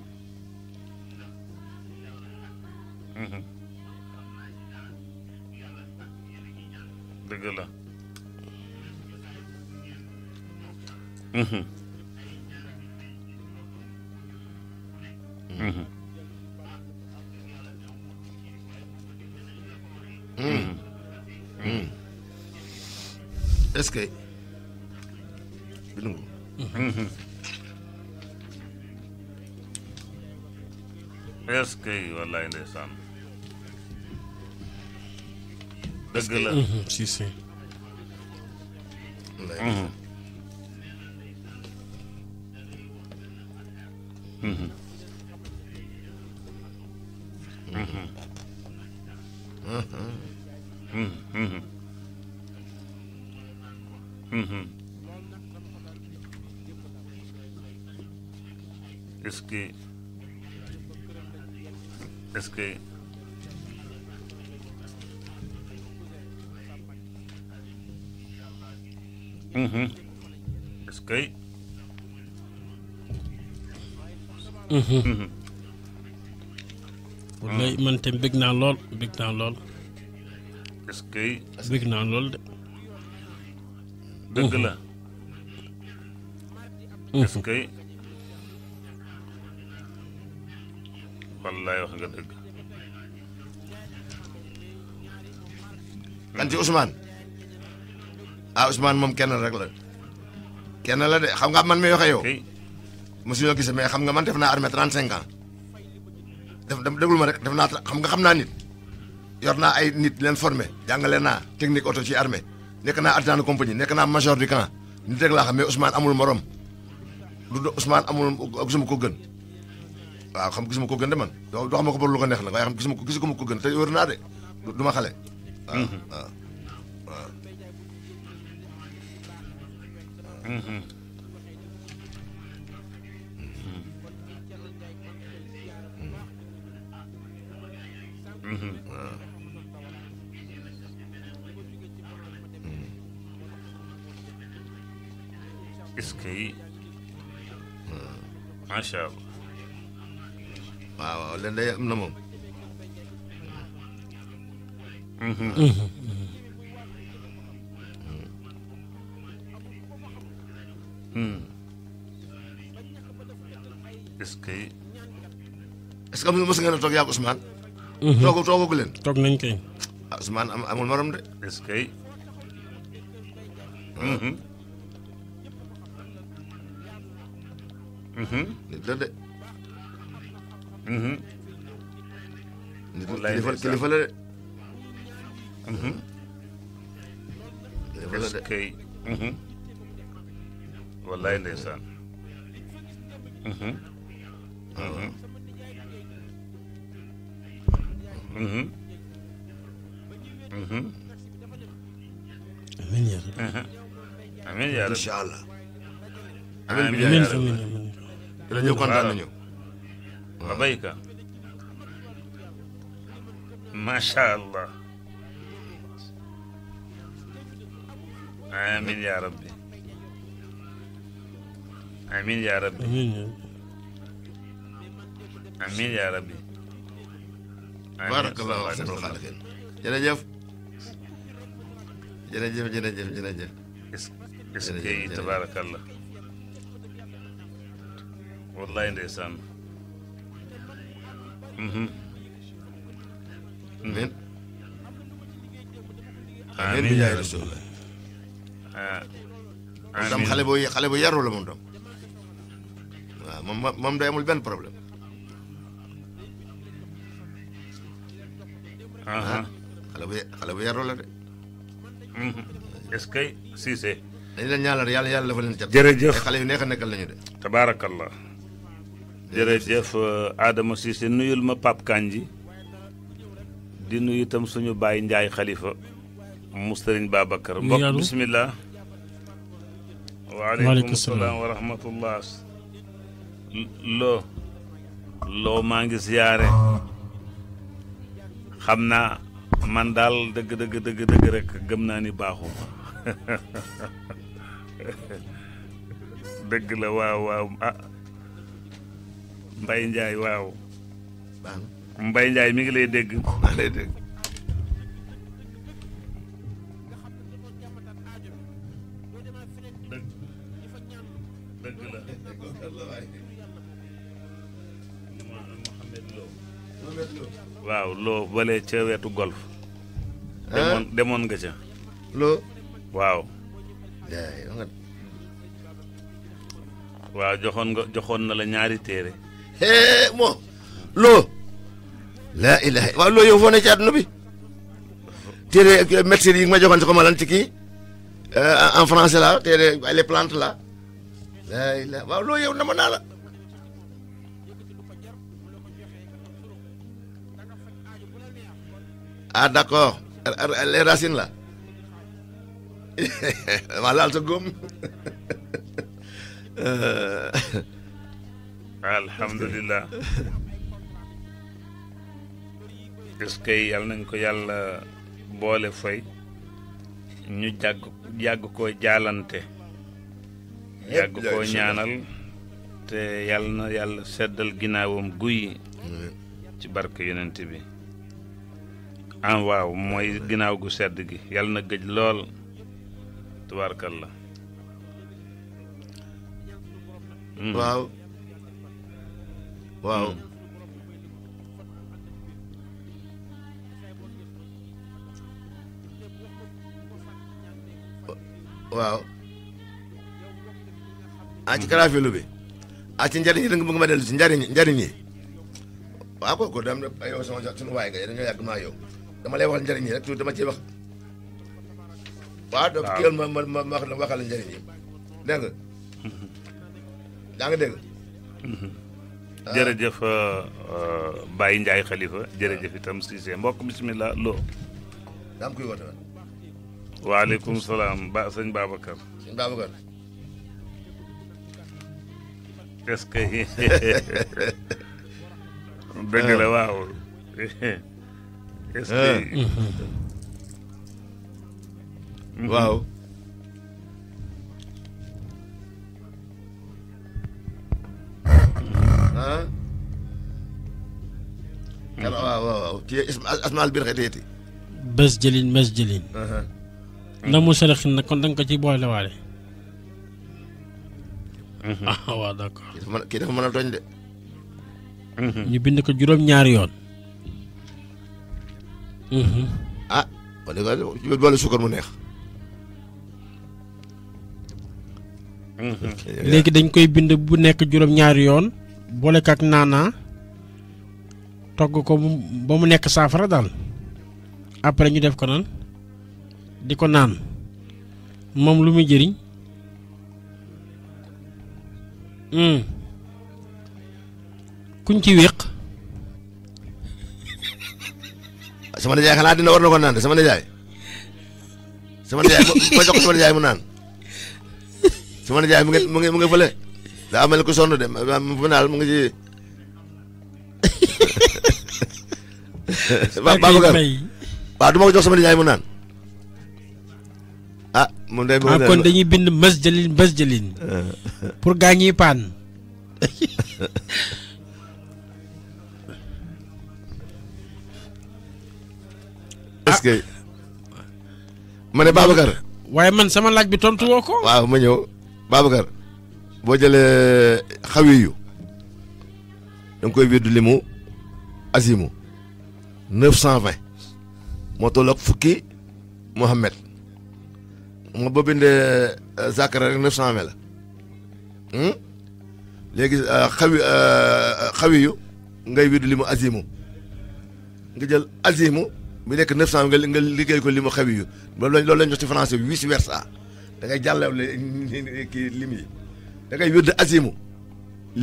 regular. Mm-hmm. hmm Mm. Mm. SK. hmm SK, you are lying there, son. dëgg la si si wallaay man tam bëgg naa lool bëgg naa lool. naa lool de. dëgg la. Uhuh. est-ce que. ah Ousmane moom kenn rek la. kenn la de xam nga man mi waxe yow. monsieur yoo gisee mais xam nga man def naa armée 35 daf def déglu ma rek def naa xam nga xam naa nit yor naa ay nit leen formé jàngale naa technique oto ci armée nekk naa adjudant de compagnie nekk naa major du camp nit rek laa xam mais Ousmane amul morom du Ousmane amul gisuma ko gën waaw xam gisuma ko gën de man doo xam ma ko boru lu ko neex nag waaye xam gisuma ko gisuma ko gën te wër naa de du ma xale mhm. Mhm. macha allah. waaw waaw leen day am na moom. est-ce que. est-ce que ngeen a toog yaa ko Ousmane. toogoo mhm. toogoo leen. toog nañ kay. ah Ousmane amul morom de. est-ce Mm-hmm. nit la de. Mm-hmm. nit kilifa kilifa la de. Mm-hmm. kilifa la de kay. wallaay ndeysaan. amiin yaa rabbi incha allah amiin yaa rabbi dina ñëw kontaan nañu. waaw babayka macha allah. amin ya rabbi amin ya rabbi amin ya rabbi. barakallahu ahsanul xaaliqiin jërëjëf jërëjëf jërëjëf jërëjëf. est-ce que tabaarakallah wallaay ndeysaan. Mhm. Mhm. amiin. amiin yaa rasulallah. amiin xale bu xale bu yaru la moom tam. waaw moom moom day amul benn problème. Ah, ah, ah. xale bu xale bu yaru la de. Mhm. est-ce que Cissé. dañu la ñaanal yàlla yàlla dafa leen jot. jërëjëf xale yu neex a nekkal lañu de. tabaarakallah. jërëjëf euh, Adama Cissé nuyul ma Pape Kandji di nuyu itam suñu baay njaay xalifa mu sëriñ Babacar mbokk bismillah waaleykum salaam wa rahmatullah loo loo maa ngi siyaare xam naa man daal dëgg dëgg dëgg dëgg rek gëm naa ni baaxuma dëgg la waaw waaw ah, Mbaye njaay waaw. Mbaye Ndiaye mi ngi lay dégg. Oh, waaw loo bale ca wetu golf demoon demoon nga ca loo waaw waaw joxoon nga joxoon na la ñaari téere moo loo laa ilaha waaw loo yow foo ne ci àdduna bi téere médecine yi ma joxoon si xoma lan ci kii euh, en français là téere les plantes là laa ilaha waaw loo yow nama naa la ah d'accord les racines là ma laal sa góom euh, alhamdulilah est-ce nañ ko yàlla boole foy ñu jàgg yàgg ko jaalante yàgg ko ñaanal te yàlla na yàlla seddal ginnaawam guy ci barke yonent bi ah waaw mooy ginnaaw gu sedd gi yàlla na gëj lool tubaarkalla la hmm. Wow, hmm. wow. Aci kala fi bi Aci njari njariñ da nga bëgg njari dellu njari njariñ njariñ dam sama sunu waay nga dañoo yàgg maa dama lay njari njariñ yi dama ci wax waaw ma ma ma Ah. jërëjëf euh, euh, Baye Ndiaye Khalifa xalifa itam Cissé mbokk bisimilah loo. daa am kuy woote salaam ba sëñ Babacar. sëñ Babacar. Ah. waaw. ah kan waaw waaw ci asmaal bir xeteeti bés jëlin bés jëlin ndax mu saraxin nag kon da ko ci boole waale mhm. ah waaw dafa mën a tooñ de mhm. ñu bind ko juróom-ñaari yoon mhm. ah mu neex léegi dañ koy bind bu nekk juróom-ñaari yoon boolek ak naanaa togg ko ba mu nekk saafara daal après ñu def ko nan di ko naan moom lu muy jëriñ hmm. kuñ ci wéq. sama nijaay xanaa dina war na ko naan de sama nijaay mu naan sama mu ngi mu ngi fële. da mel ko sonu de final naal mu ngi ci ba ba waaw ba ko jox sama nijaay mu nan ah mu de ah kon dañuy bind masjalin jëlin eh. pour gaañi pan est-ce que man sama laaj bi tontu woko waaw ma ñew babakar boo jëlee xawiyu da nga koy 920 fukki Mohamed ma ba bindee euh, Zakara rek vous la hmm? léegi euh, euh, ngay azimu nga jël azimu mi nekk 900 nga nga ko français versa da ngay da ngay wird asimu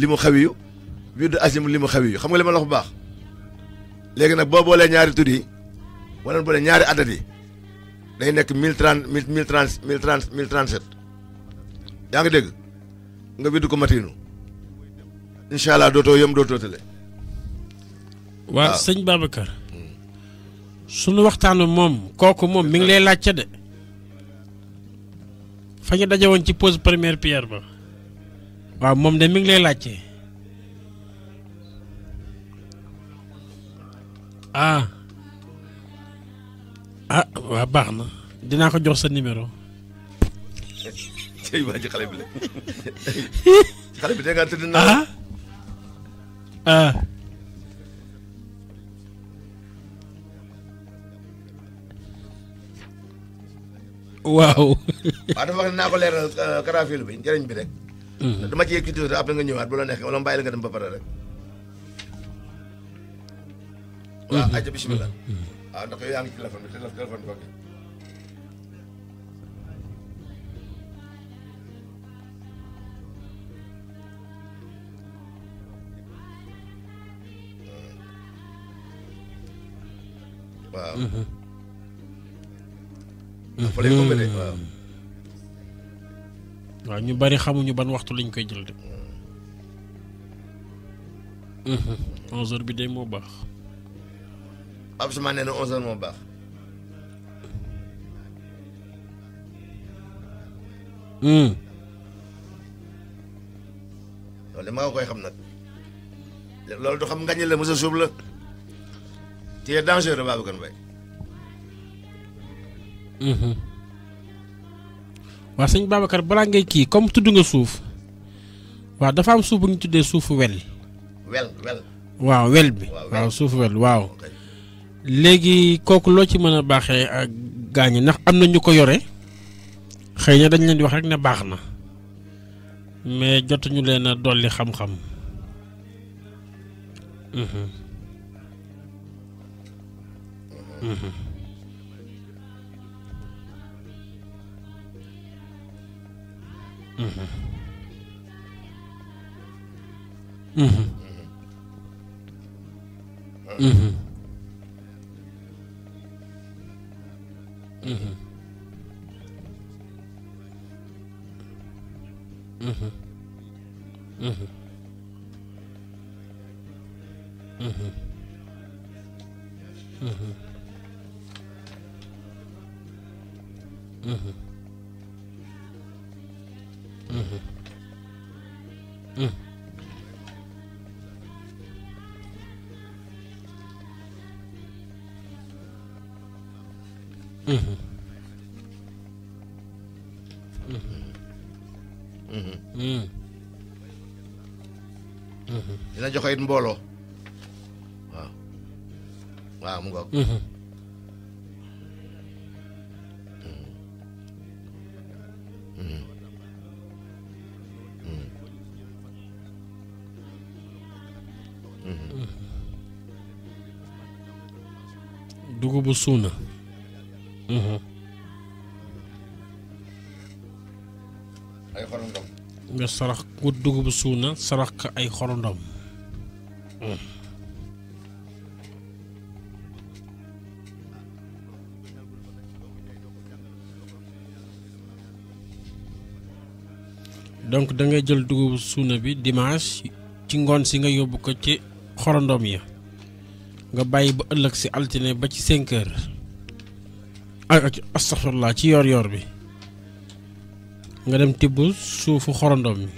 li mu xawiyu wird asimu li mu xawiyu xam nga li ma la wax bu baax léegi nag boo boolee ñaari tur yi wala boolee ñaari adat yi day nekk mille trente mille mille trente mille trente mille trente sept yaa ngi dégg nga wird ko matinu incha allah dootoo yem dootoo tële. waaw sëñ Babacar. sunu waxtaanu moom kooku moom mi ngi lay laajte de. fa ñu daje woon ci pose première pierre ba. waaw moom de mi ngi lay laajte ah, ah waa baax na dinaa ko jox sa numéro. jërëjëf bi la na. ah ah. waaw. waaw dafa wax naa ko leeral euh, karaafil bi njëriñ bi rek. Mm-hmm. dama ci yëkkati tuuti après nga ñëwaat bu la nekk wala mbaay la nga dem ba pare rek mm-hmm. waaw ayca bismillah mm-hmm. ah ndax yow yaa ngi téléphone bi téléphone waaw. Mm -hmm. Mm -hmm. waaw ñu bari xamuñu ban waxtu lañ koy jël de. 11 mhm. bi de moo baax. ab Ousmane nee na moo baax. Hmm. loolu de xam nag loolu du xam ngañ la monsieur Soub la tu es dangereux waaw sëñ Babacar balaa ngay kii comme tudd nga suuf waaw dafa am suuf bu ñu tuddee suufu wel. wel waaw wel bi waaw suufu wel waaw. léegi kooku loo ci mën a baaxee ak gaañu ndax am na ñu ko yore xëy na dañ leen di wax rek ne baax na mais jotuñu leen a dolli xam-xam. Mhm. Mhm. Mm-hmm. Mm-hmm. Mm-hmm. Mm-hmm. Mm-hmm. Mm-hmm. Mm-hmm. Mm-hmm. Mm-hmm. dina joxe it mbooloo waaw waaw mu ngoog dugubu suuna. Mhm. ay xorondom. suuna sarax ka ay mm. donc da jël dugubu suuna bi dimaas ci ngoon si nga yóbbu ko ci xorondoom ya nga bàyyi ba ëllëg si altine ba ci 5 heures ay astaghfirullah ci yor yor bi nga dem tibbu suufu xorondom bi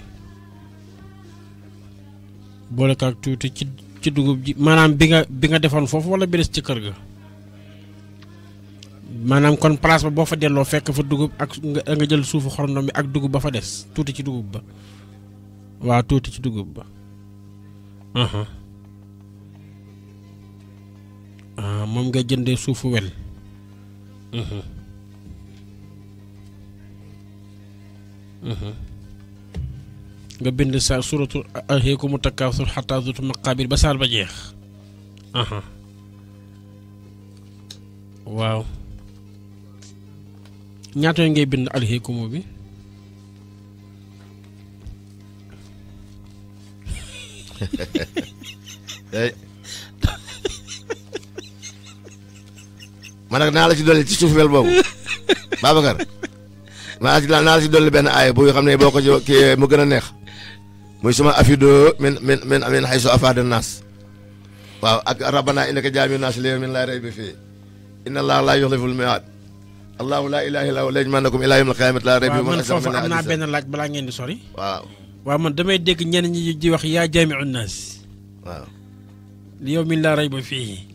boole ko ak tuuti ci ci dugub ji maanaam bi nga bi nga defoon foofu wala bi des ci kër ga maanaam kon place ba boo fa delloo fekk fa dugub ak nga jël suufu xorondom bi ak dugub ba fa des tuuti ci dugub ba waa tuuti ci dugub ba Ah, moom nga jëndee suufu wel mhm. mhm. nga bind sa suratu alhaakumu takaasur xataa zurtum maqaabir ba saar ba jeex waaw ñaata ngay bind alhaakumu bi man nag naa la ci dolli ci suufeel boobu Babacar naa la ci benn aaya bu xam ne boo ko mu gën a neex muy suma afido min min min min xaysu afaada naas waaw ak rabbana innaka jaami naas li yawmin laa laa yuxliful miiaad allahu laaj balaa ngeen di sori waaw waaw man damay dégg ñenn ñi di wax yaa jaami'un naas waaw li yawmin laa rayba fii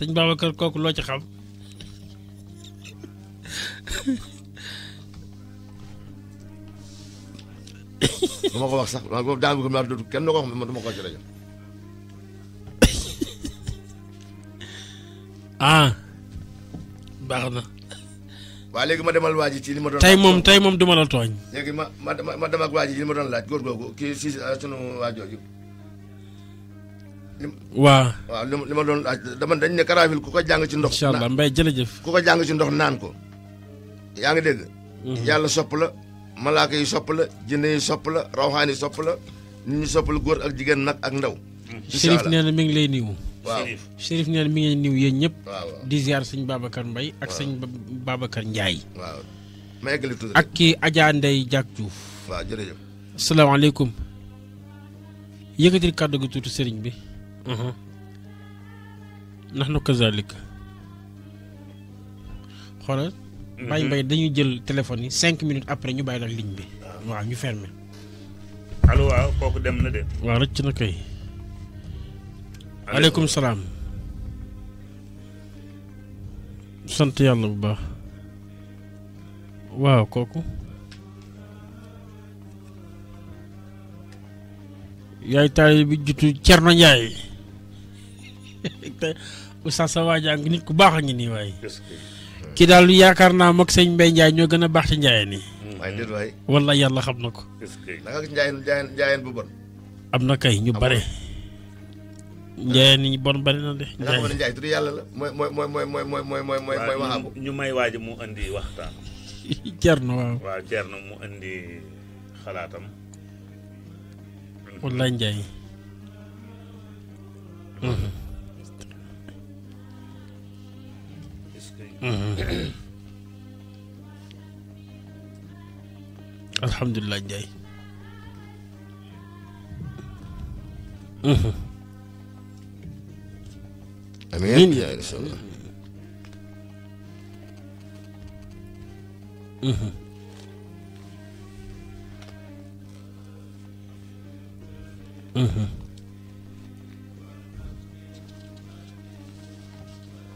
sëñ Babacar kooku loo ci xam du ko wax sax waaw boobu ma dootu kenn ko wax man du ma ko wax ci rajo ah. ma demal waa ji ci li ma doon tey moom tey moom du ma la tooñ léegi ma ma ma dem ak waa ji ma doon laaj góor googu kii waaw waaw li ma ma doon laaj dama dañ ne karaafil ku ko jàng ci ndox. incha allah mbay jërëjëf. ku ko jàng ci ndox naan ko. yaa ngi dégg. Mhm. yàlla sopp la malaaka yi sopp la jinne yi sopp la rawxaan sopp la nit ñi sopp la góor ak jigéen nag ak ndaw. Mhm. incha allah mi ngi lay niiw. waaw Chérif mi ngi lay niiw yéen ñëpp. di sañ sëñ mbay ak sañ Babacar Ndiaye. waaw ma eggali tudd ak kii Adja Ndeye Diak Diouf. waaw jërëjëf. kàddu gi tuuti sëriñ bi. Mhm. ndax nu kazalik xoolal. Mhm. bàyyi mbay dañuy jël téléphone yi cinq minutes après ñu bàyyi la ligne bi. waaw ñu fermé. allo waaw kooku dem na de. waaw rëcc na kay. aleykum salaam. sant yàlla bu baax. waaw kooku. yaay taay bi jutu Cerno Njaay te oustaz sa waa jàng nit ku baax a ngi nii waaye. Hmm. ki daal lu yaakaar naa moog sëñ Mbaye Ndiaye ñoo gën a baax ci Ndiaye nii. waaye déet waay. wallaahi yàlla xam na ko. nga gis Ndiaye Ndiaye bu bon. am kay ñu bare. Ndiaye ni bon bari na de. Ndiaye Ndiaye tudd yàlla la mooy mooy mooy mooy mooy mooy mooy mooy mooy waxaabu. ñu may waaj mu indi waxtaan. Thierno waaw. waaw Thierno mu indi xalaatam. wallaahi Ndiaye. alhamdulilah Ndiaye amiin yaa insha allah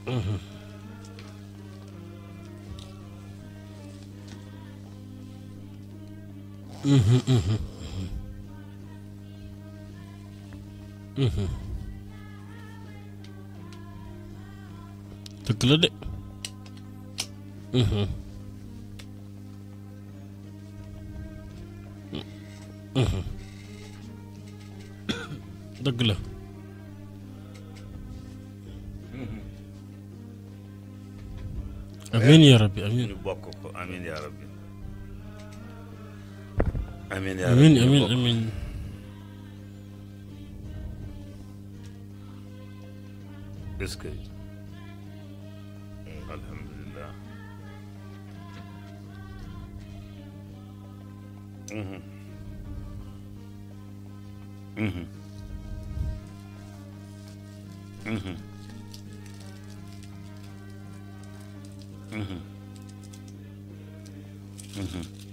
Mm-hmm. dëgg la de. dëgg la. amiin yaa rabbi amiin I mean, I mean, I mean. It's good. alhamdulillah mhm mhm mhm mhm mhm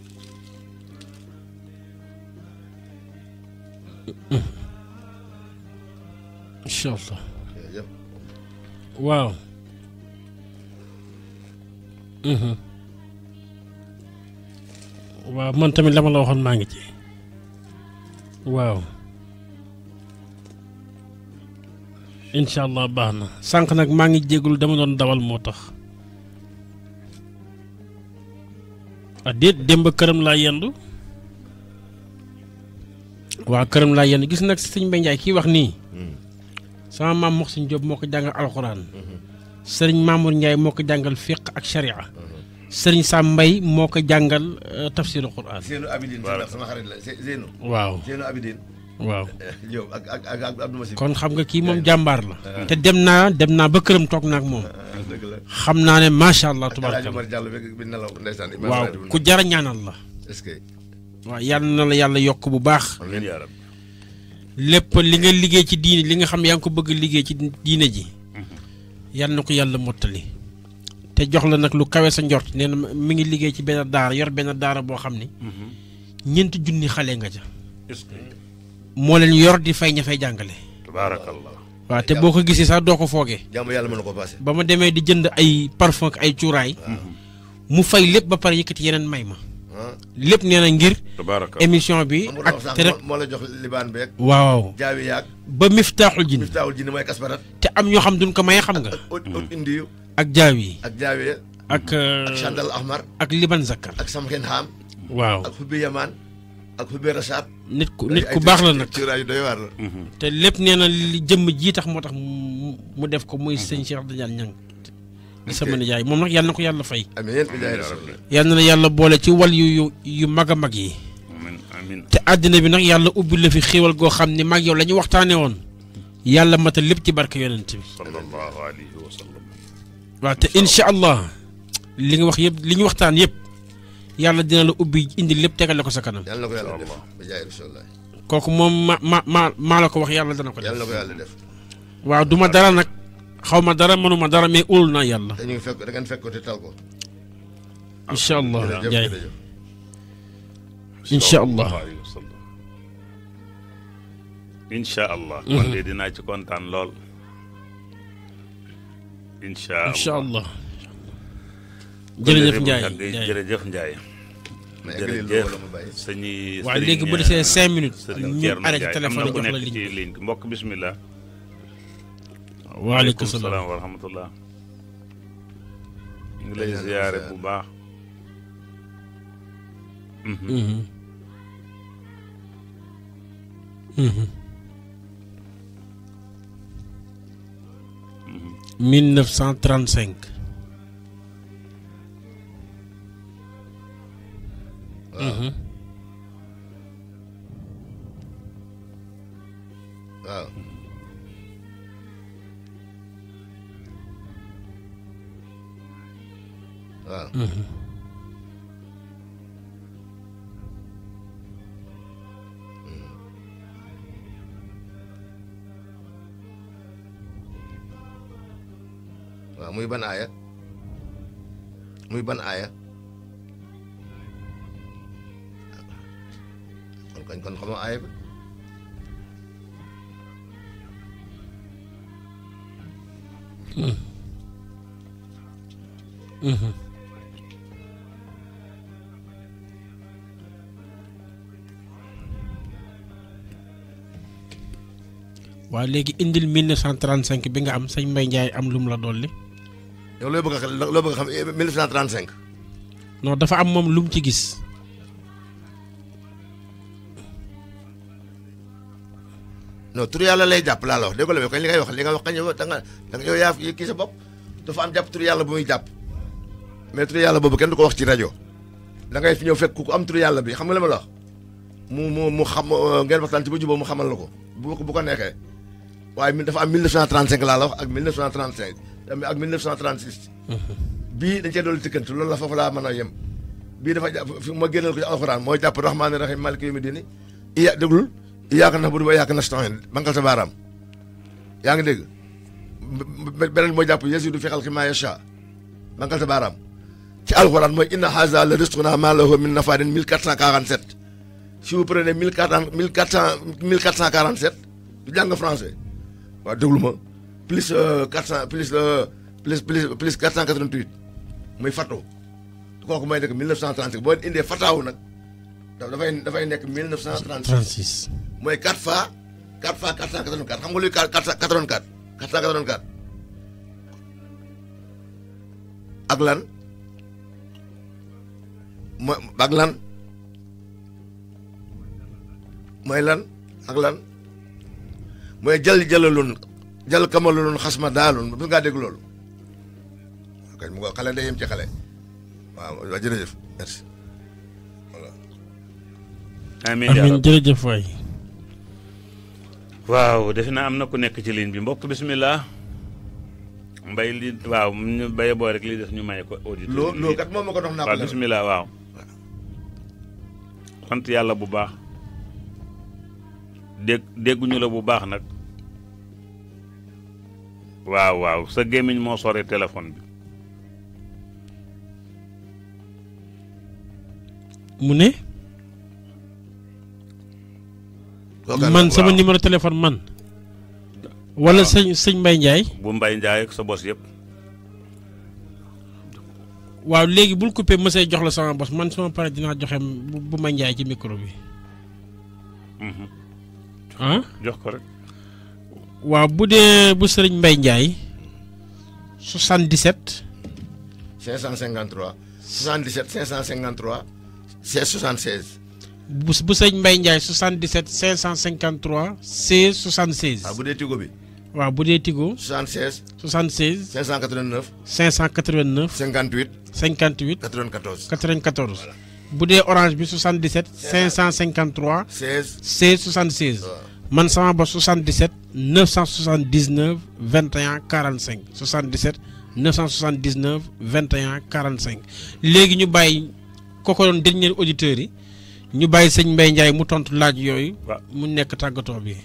incha allah mhm. waaw man tamit la la waxoon maa ngi ci waaw incha allah baax na sànq nag maa ngi jégul dama doon dawal moo tax ah déet démb këram laa yendu wa kërëm laa yenn gis nag sëñ Mbaye Ndiaye kii wax nii hmm. sama mam mox sëñ job moo ko jàngal alxuraan hmm. sëriñ Mamour Ndiaye moo ko jàngal fiq ak sharia hmm. sëriñ Sam Mbaye moo ko jàngal euh, tafsiru quraan Zeynou Abidine sama xarit la Zeynou waaw Zeynou abidin waaw ak ak ak Abdou Massi kon xam nga kii moom jàmbaar la te dem naa dem naa ba këram toog naak moom ah, xam naa ne macha allah tubaarkalla waaw ku jara ñaanal la waaw yàlla na la yàlla yokk bu baax. lépp li nga liggéey ci diine li nga xam yaa ngi ko bëgg liggéey ci diine ji. Mhm. yàlla na ko yàlla mottali. te jox la nag lu kawe sa njort nee na mi ngi liggéey ci benn daara yor benn daara boo xam ni. Mhm. ñeent junni xale nga ja. moo leen yor di fay ña fay jàngale. tabaarakallah. te boo ko gisee sax doo ko foogee. yàlla mën na ko passé. ba ma demee di jënd ay parfum ak ay cuuraay. Mhm. mu fay lépp ba pare yëkkati yeneen may ma. lepp nee ngir. émission bi. ak te mo la jox be ak waaw jaawi yak ba miftahul jinn miftahul jinn moy kasparat. te am ñoo xam duñ ko maye xam nga. indi ak jaawi. ak jaawi ya. ak. ak euh, Chandal Ahmar. ak liban Zakar. ak samken Ham. waaw ak Hubbi Yaman ak Hubbi Rashad. nit ku nit ku bax la nag te lepp nee li jëm ji tax motax mu def ko muy sëñ Cheikh Tidiane ñang sama nijaay moom nag yàlla na ko yàlla fay. amiin na na yàlla boole ci wal yu yu mag a mag yi. te àddina bi nag yàlla ubbi la fi xiiwal goo xam ne mag yow la ñu waxtaanee woon yàlla matal lépp ci barke yonent bi. sallallahu alayhi wa sallam. waaw te incha allah li nga wax yëpp li ñu waxtaan yëpp yàlla dina la ubbi indi lépp tegal la ko sa kanam. yàlla kooku moom ma ma maa maa la ko wax yàlla dana ko def. def. waaw du dara nag. xaw ma dara mënuma dara mais óolu naa yàlla. dañuy fekk da ngeen fekk ko te tal ko. incha allah Ndiaye incha allah. incha allah. Mhm. man de dinaa ci kontaan lool. incha allah incha allah. jërëjëf Ndiaye jërëjëf Ndiaye. jërëjëf sëñ yi. waaye léegi bu desee cinq minutes. ñu arrêté téléphone yi jox la ligne bi mbokk bismillah. وعليكم السلام, السلام ورحمة الله انجليزي زيارة بوبا من 1935 Uh-huh. Mm -hmm. vâng ừ. Ừ. Vâng, muy buen air. Muy buen air. Còn còn còn có một ai Mm-hmm. Mm-hmm. wa legi indil 1935 bi nga am sëñ Mbaye ndjay am lum la dolli. yow lo bëgg xam lo bëgg xam 1935. non dafa am mom lum ci gis. non tur yalla lay japp la wax dégg nga kañ li ngay wax li nga wax kañ yow da nga da nga yow yaa kii sa bop dafa am japp tur yalla bu muy japp mais tur yalla bobu kenn du ko wax ci radio da ngay fi ñew fekk ku am tur yalla bi xam nga li ma la wax mu mu mu xam ngeen waxtan ci bu jubo mu xamal lako bu ko bu ko nexé waaye mi dafa am 1935 laa la wax ak 1935 ak 1936. bii dañ cee doon tëkkantu loolu la foofu laa mën a yem. bii dafa jàpp génneel ko ci alxuraan mooy jàpp rahmaani rahim maliki yawmi diini iya déglul iyaaka nax bu du ba iyaaka nasta'iin bankal sa baaraam yaa ngi dégg beneen mooy jàpp yaziidu fi xalqi maa yashaa bankal sa baaraam ci alxuraan mooy inna haazaa la rizqunaa maa lahu min nafaadin 1447 si vous prenez 1400 1447 du jàng français waaw déglu eh, eh, ma plus 400 plus plus plus plus 488 muy fatoo kooku may nekk 1936 fatawu nak da fay da fay nek 1936. mooy 4 fois 4 fois 484 xam nga luy 484 484 ak lan ak lan mooy lan ak lan. mooy jal jalalun jal kamalulun xasma daalun bis ngaa dégg loolu kañ mu ko ci xale waaw waaw waay. waaw defe naa am na ku nekk ci ligne bi mbokk bismillah mbay li waaw ñu béyee boo rek li def ñu may ko. auditeur loo loo kat moom ma ko dox naa ko. waaw bismillah waaw. sant yàlla bu baax. dégg dégguñu la bu baax nag waaw waaw sa gémmiñ moo sore téléphone bi. mu ne. man sama numéro téléphone man. walla sëñ sëñ mbay Ndiaye. bu Mbaye Ndiaye ak sa bos yëpp. waaw léegi bul coupé mësee jox la sama bos man sama pare dinaa joxe bu bu ma ci micro bi. Mhm. Ah? jox ko rek. waaw bu dee bu sëriñ Mbaye Ndiaye 77. 553. 77 553. c'est 76. bu bu sëriñ Mbaye Ndiaye 77 553 c'est 76. ah bu dee Tigo bi. waaw bu dee Tigo. 76. 76. 589. 589. 58. bu dee Orange bi 77. 553. 16. 16 76. waaw. man sama ba 77 979 21 45 77 979 21 45 léegi ñu bàyyi koko doon dernier auditeurs yi ñu bàyyi sëñ mbay Ndiaye mu tontu laaj yooyu. mu nekk tàggatoo bi.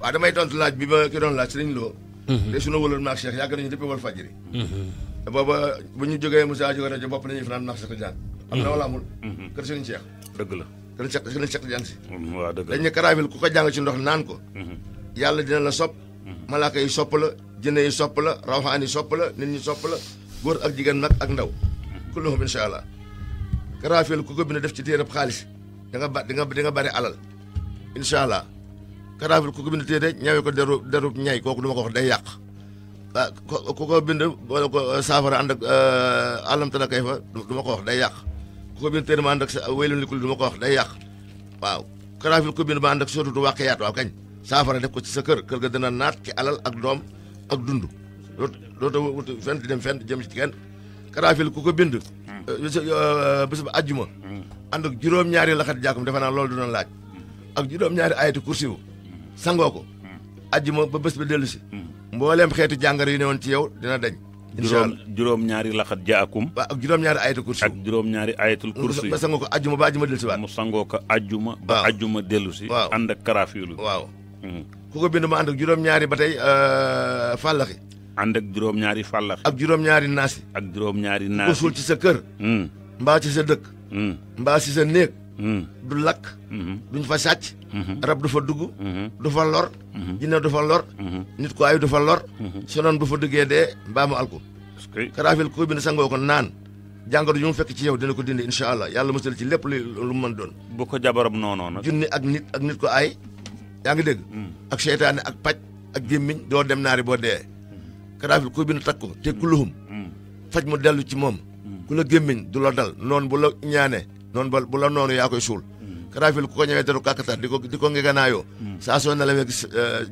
waaw damay tontu laaj bi ba ki doon laaj sëriñ Lo. de mhm. sunu wëloon naag Cheikh yàgg nañu depuis wal fajiri. Mhm. te booba bu ñu jógee Moussa jógee rajo bopp nañu fanaan naag Cheikh Tidiane. Mhm. am na wala amul. kër la. dana set dana set jàng si mm, waaw dëgg dañ ne ku ko jàng ci ndox naan ko mm-hmm. yàlla dina la sopp mm-hmm. malaaka yi sopp la jinne yi sopp la rawxaan yi sopp la nit ñi sopp la góor ak jigéen nag ak ndaw mm-hmm. kulluhum insha allah ku ko bind def ci téerab xaalis da nga di nga di nga bari alal insha allah ku ko bind téere ñawee ko deru derub ñay kooku duma ko wax day yàq ku ko bind wala ko saafara ànd ak euh, kay fa duma ko wax day commune tey dama ànd ak sa wéyal likul du ma ko wax day yàq waaw karaafil commune ma ànd ak soo du wàqe yaat waaw kañ saafara def ko ci sa kër kër ga dina naat ci alal ak doom ak dund doo doo wut fenn dem fenn jëm ci karaafil ku ko bind hmm. euh, bés ba ajjuma hmm. ànd ak juróom-ñaari laxat defe naa loolu du doon laaj hmm. ak juróom-ñaari ayati kursi sangoo ko ajjuma ba bés ba dellu si mbooleem xeetu jàngare yu ne woon ci yow dina dañ juróom juróom-ñaari laxat jaakum ak juróom-ñaari ayatul kursi ak juróom-ñaari ayatul kursi ba sangoo ko ajjuma ba ajjuma dellusi waat mu sangoo ko ajjuma ba ajjuma dellusi waaw ànd ak karaafiilu waaw hmm. ku ko bind ma ànd ak juróom-ñaari ba tey euh, fàllaxi ànd ak juróom-ñaari fàllaxi ak juróom-ñaari naasi ak juróom-ñaari naasi ku suul ci sa kër hmm. mbaa ci sa dëkk hmm. mbaa ci sa néeg du lakk duñ fa sàcc Mm-hmm. rab du fa dugg mm-hmm. du fa lor mm-hmm. jinne du fa lor nit ku ayu du fa lor su noon bu fa duggee dee mbaa mu alku karaafil ku sangoo ko naan jàngoro yu mu fekk ci yow dina ko dindi incha allah yàlla musal ci lépp lu man doon bu ko jabaram noonu nag junni ak nit ak nit ko aay yaa ngi dégg mm. ak seytaane ak paj ak gémmiñ doo dem naari boo dee mm. karaafil ku bind takku te kuluhum mm. faj mu dellu ci moom ku la gémmiñ du la dal noonu bu la ñaane noonu ba bu la noonu yaa koy karafil ko ñaweteru kakata diko diko ngeganayo hmm. sa so na lewe ji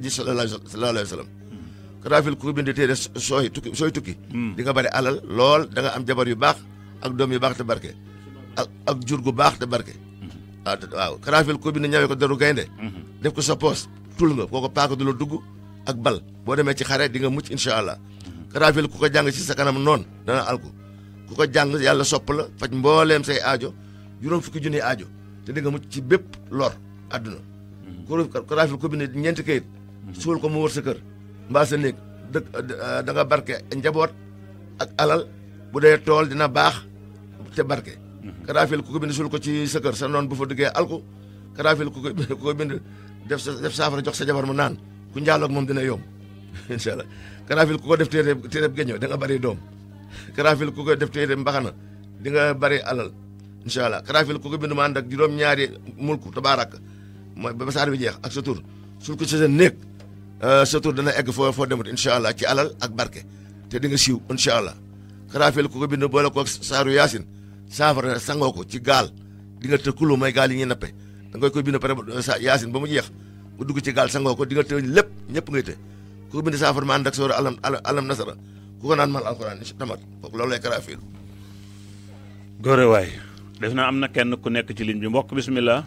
eh, sallallahu alaihi wasallam hmm. karafil ko binde tede soy tukki soy tukki hmm. di nga bari alal lol, da nga am jabar yu bax ak dom yu bax te barke ak jur gu bax te barke ah, waaw karafil ko binde ñawe ko daru gaynde def ko sa poste tul nga koko paaka du la dugg ak bal bo demee ci xare di nga mucc inshallah allah karafil ku ko jang ci sa kanam noon dana alko ku ko jang yalla sopp la faj mbollem say aajo juróom fukki junni aajo te di nga mucc ci bépp lor àdduna ko raafil ko bind ñeenti kayit mm-hmm. suul ko mu wër sa kër mbaa sa néeg dëkk euh, da barke njaboot ak alal bu dee tool dina baax te barke mm-hmm. karaafil ku ko bind suul ko ci sa kër sa noon bu fa duggee alku karaafil ku ko bind def def saafara jox sa jabar mu naan ku njaaloog moom dina yomb incha allah karaafil ku ko def téere téere géño da bari doom karaafil ku ko def téere mbaxana di nga bari alal incha allah xaraafi la ko bind ma ànd ak juróom-ñaari mulku tabaarak mooy ba saar bi jeex ak sa tur sul ko sa euh, dana egg foo foo incha allah ci alal ak barke te di nga allah xaraafi ko bind boole ko saaru yaasin saafara sangoo ko ci gaal di nga tëkkuloo may gaal yi ñuy nappe da ngay koy bind pare euh, sa yaasin dugg ci gaal sangoo ko di lépp ñëpp ngay tëj ku ko bind saafara ma ànd ak soor alam nasara ku ko naan mal alxuraan incha tamat foog loolu lay xaraafi góore waay def naa am na kenn ku nekk ci ligne bi mbokk bismillah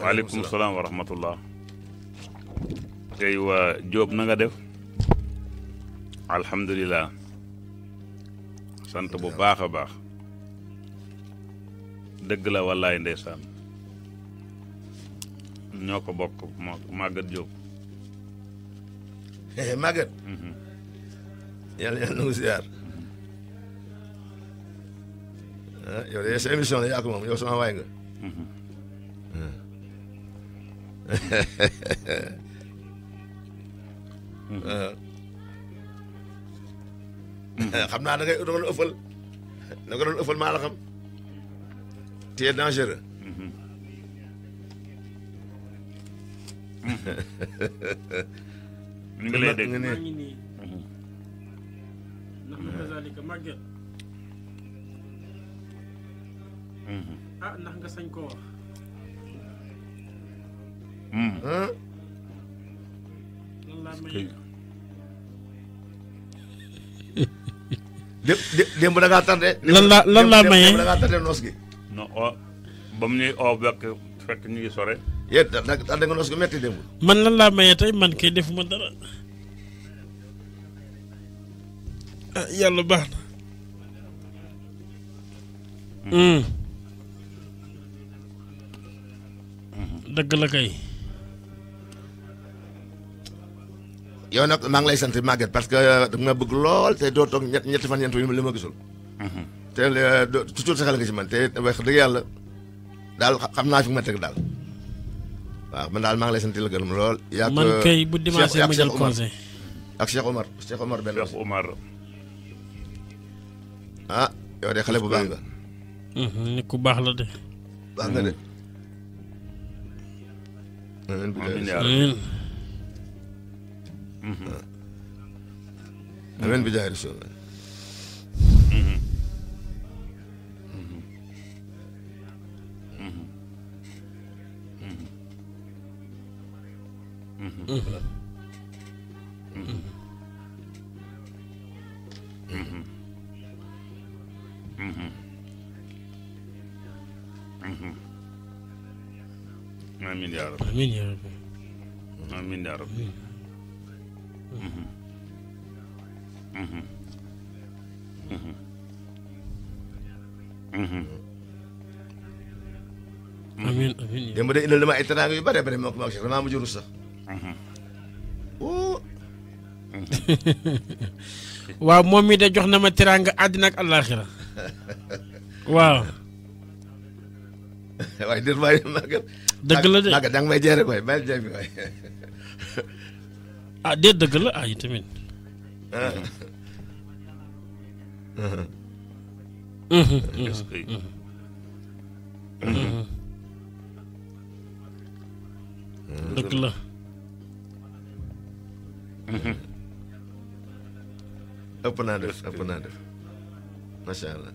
waaleykum salaam wa rahmatullah tey waa Jóob na nga def alhamdulilah sant bu baax a baax dëgg la wallaay ndeysaan ñoo ko bokk Maguette Diop. Maguette. yàlla yàlla na ko ziar. yow de sa émission la yaa ko moom yow sama waay nga. xam naa da ngay da nga doon ëffal da nga doon ëffal maa la xam tu es dangereux. ñu ngi lay dégg nga ne. Mm-hmm. ah ndax nga sañ koo wax. Mm-hmm. démb da ngaa lan la lan laa maye da ngaa tardé noos gi. non oo ba mu ñuy oo fekk fekk ñu ngi sore. yéen da da noos gi metti démb. man lan laa maye tey man kay defuma dara. ah yàlla baax na. Mm-hmm. Mm. dëgg la kay. yow nag maa ngi lay sant Maguette parce que danga na bëgg lool té do tok ñet ñet fan ñeent yu lima gisul. gisul. Mhm. te eh, toujours sa xel nga ci man té wax dëgg Yalla dal xam naa fi ma tek dal. waaw man dal maa ngi lay sant la gërëm lool. ko man kay bu dimanche ma jël conseil ak Cheikh Omar Cheikh Omar ben Cheikh Omar. ah yow dé xalé bu baax nga. Hmm, ni ku baax la dé. baax nga dé. amiin amiin bi jaay rasul Mm-hmm. amiin yaa rabbi amiin yaa rabbi amiin yaa rabbi amiin amiin démb de indil dama ay teraanga yu bare bare moo ko maa Cheikh damaa mujj rus sax mhm. Mhm. waaw moom mi de jox na ma teraanga àddina ak àllaaxira waaw waaye déet waaye magal dëgg la de da nga may ah déet dëgg la ah yi tamit dëgg la ëpp naa def ëpp naa def macha allah.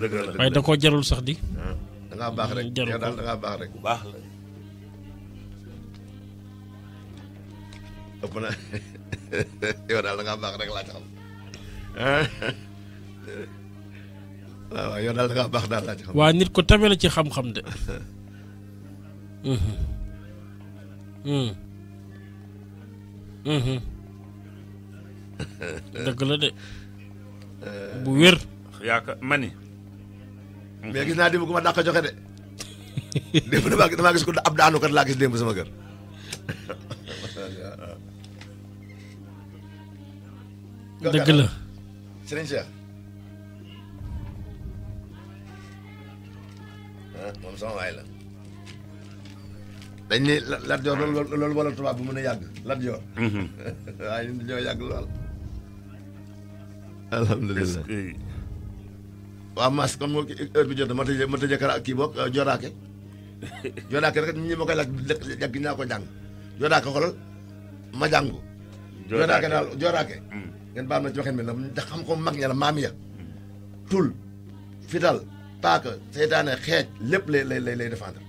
dëgg la waaye da koo jarul sax di. Ah. da ngaa baax rek yow daal da ngaa bu baax la. ëpp na yow daal da ngaa baax rek laa ci xam waaw yow daal da baax daal laa ci xam. waa nit ku tabe la ci xam-xam de. dëgg la de. bu wér. yaakaar ma ni. mais gis naa démb ku ma dàq joxe de démb damaa damaa gis ko ab daanu kat laa gis démb sama kër. dëgg la Serigne Cheikh. Ah, moom sama waay la. dañ ne Lat Joor loolu loolu wala tubaab bu mën a yàgg Lat Joor. Mhm. waaye ñun dañoo yàgg lool. alhamdulilah. mas kon mo heure bi jot ma tejé ma tejé kara ki bok joraké joraké rek ñi ma lak jagg jàgg naa ko jàng joraake xoolal ma jang joraké dal joraké ngeen baam na ci waxeen mi la ndax xam ko mag ñala mam ya tul fidal paaka seytaane xeej lepp lay lay lay lay défendre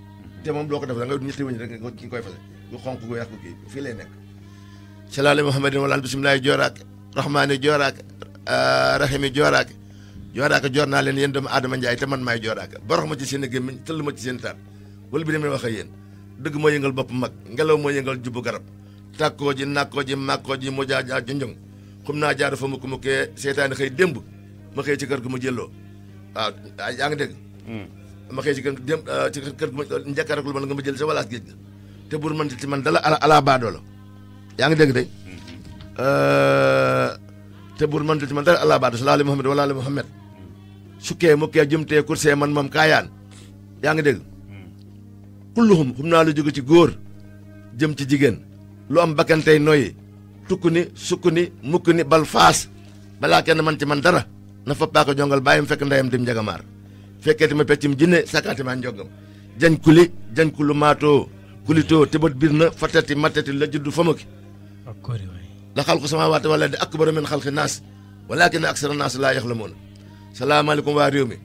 té mom doo def da nga ñetti wëñ rek nga ci koy fase yu xonku gu yakku ki fi fii lay nekk salaali muhammadin wala bisimilahi joraké rahmani joraké rahimi joraké jooraaka joor naa leen yéen doomu aadama njaay te man maay jooraaka borox ma ci seen gémmiñ tëll ma ci seen taat wala bi damay wax ak yéen dëgg moo yëngal bopp mag ngelaw moo yëngal jubbu garab tàkkoo ji nàkkoo ji màkkoo ji mu jaajaa jonjong xum naa jaar fa mukk ko seetaani xëy démb ma xëy ci kër gi ma jëloo waaw yaa ngi dégg hmm. ma xëy ci kër démb ah, ci kër gu ma lu man nga ma jël sa walaas géej ga te bur man ci man dala ala ala baadoo yaa ngi dégg de hmm. euh, te bur mantul ci man dara allah baatu sallallahu muhammad wala ali muhammad sukkee mukkee jumtee kursee man mom kayan ya nga deg kulluhum humna la lu ci gor jëm ci jigen lu am bakan tay noy tukuni sukuni mukuni bal fas bala ken man ci man dara na fa ko jongal bayam fek ndayam dim jagamar fekete ma peccim jinne sakati man jogam jagn kuli jagn kulu fatati matati la juddu la xalqu samaawaati wala di akbaru min xalqi naas walaakina aksara naas laa yaxlamuuna salaamaaleykum waa réew mi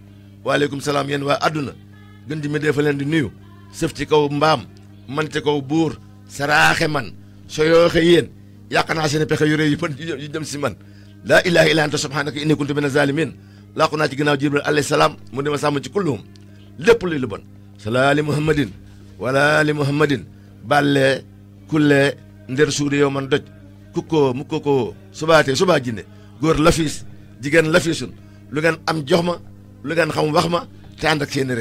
waaleykum salaam yéen waa àdduna gën di mi defa leen di nuyu sëf ci kaw mbaam mante kaw buur saraaxe man soo yooxe yéen yàq naa seen pexe yu yi yu fan yu dem si man laa ilaha illa anta subhanaka inni kuntu mina zalimin làqu naa ci ginnaaw jibril alayhi salaam mu dema sàmm ci kulluhum lépp luy lu bon salaali muhammadin walaali muhammadin bàllee kullee nder suude yow man muko ko subaatee suba jinde gor lafis jigen lafisun lu gen am joxma lu gen xam waxma te ànd ak seeni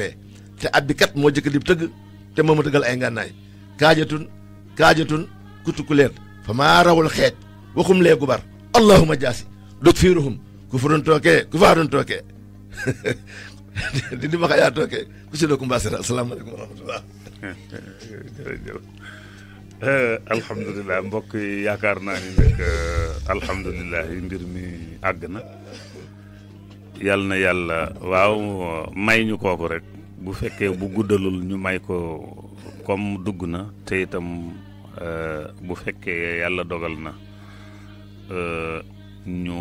te abbi kat mo jekk di teug te moo ma tëggal ay ngànnaay kaajatun kaajatun kutukuleen fa rawul xeej waxum le gubar allahumma jasi dog firuhum kufurun toke kufarun toke di di ma ku Eh, alhamdulilah mbokk yaakaar naa ni nag eh, alhamdulilah mbir mi àgg na yal na yàlla waaw may ñu kooku rek bu fekkee bu guddalul ñu may ko comme dugg na te itam eh, bu fekkee yàlla dogal na ñu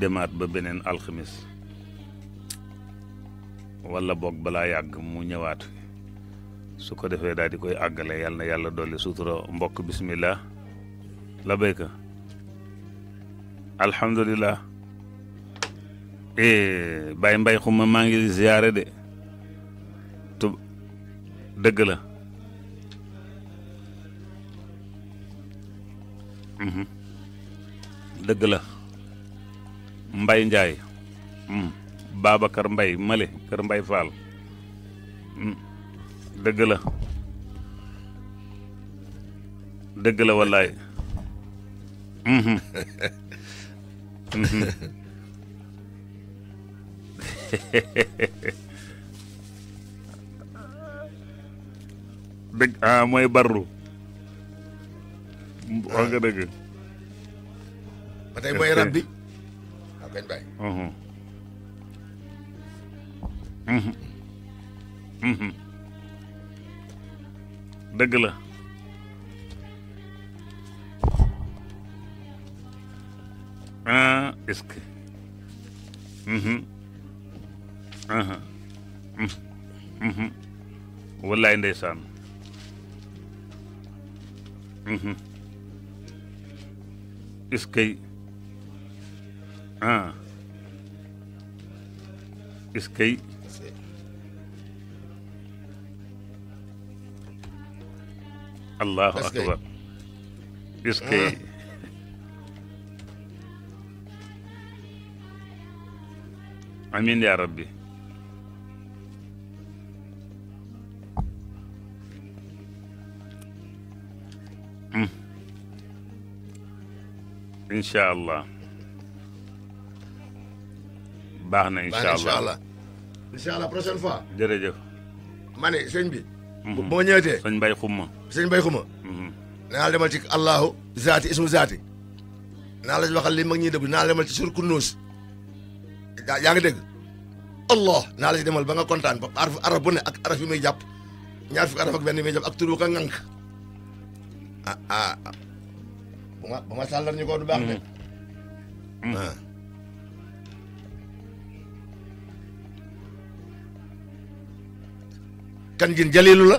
demaat ba beneen alxamis wala boog balaa yàgg mu ñëwaat. su ko defee daal di koy àggale yàlla na yàlla dolli sutura mbokk bismillah la béyka alhamdulilah eh, bàyyi mbay xuma maa ngi ziyaare de tub dëgg la mhm. dëgg la mbay njaay mhm. Babacar mbay male kër mbay faal mhm. dëgg la walai la mhm. ah moy barru nga dëgg batay moy rabbi rab bi waaw ah, kañ bàyyi mhm, mhm. mhm. dëgg la ah est-ce que mhm. Ah, mhm. Mhm. wallaay ndeysaan est-ce que ah est allahu akbar est-ce que ah. amiin yaa rabbi hmm. incha allah baax na incha allah incha allah prochaine fois jërëjëf ma bi boo hmm. ñëwetee sëñ Mbay sëñ Bay Xuma mm-hmm. naa la demal ci allahu zaati ismu zaati naa la waxal li mag ñuy déglu naa la demal ci sur kunnuus yaa ngi dégg allah naa la demal ba nga kontaan ba araf araf bu ne ak araf yi muy jàpp ñaar fukki araf ak benn ak turu ko ah, ah, ah. bu ma bu ñu ko du baax de mm-hmm. Mm-hmm. kan jin jalilu la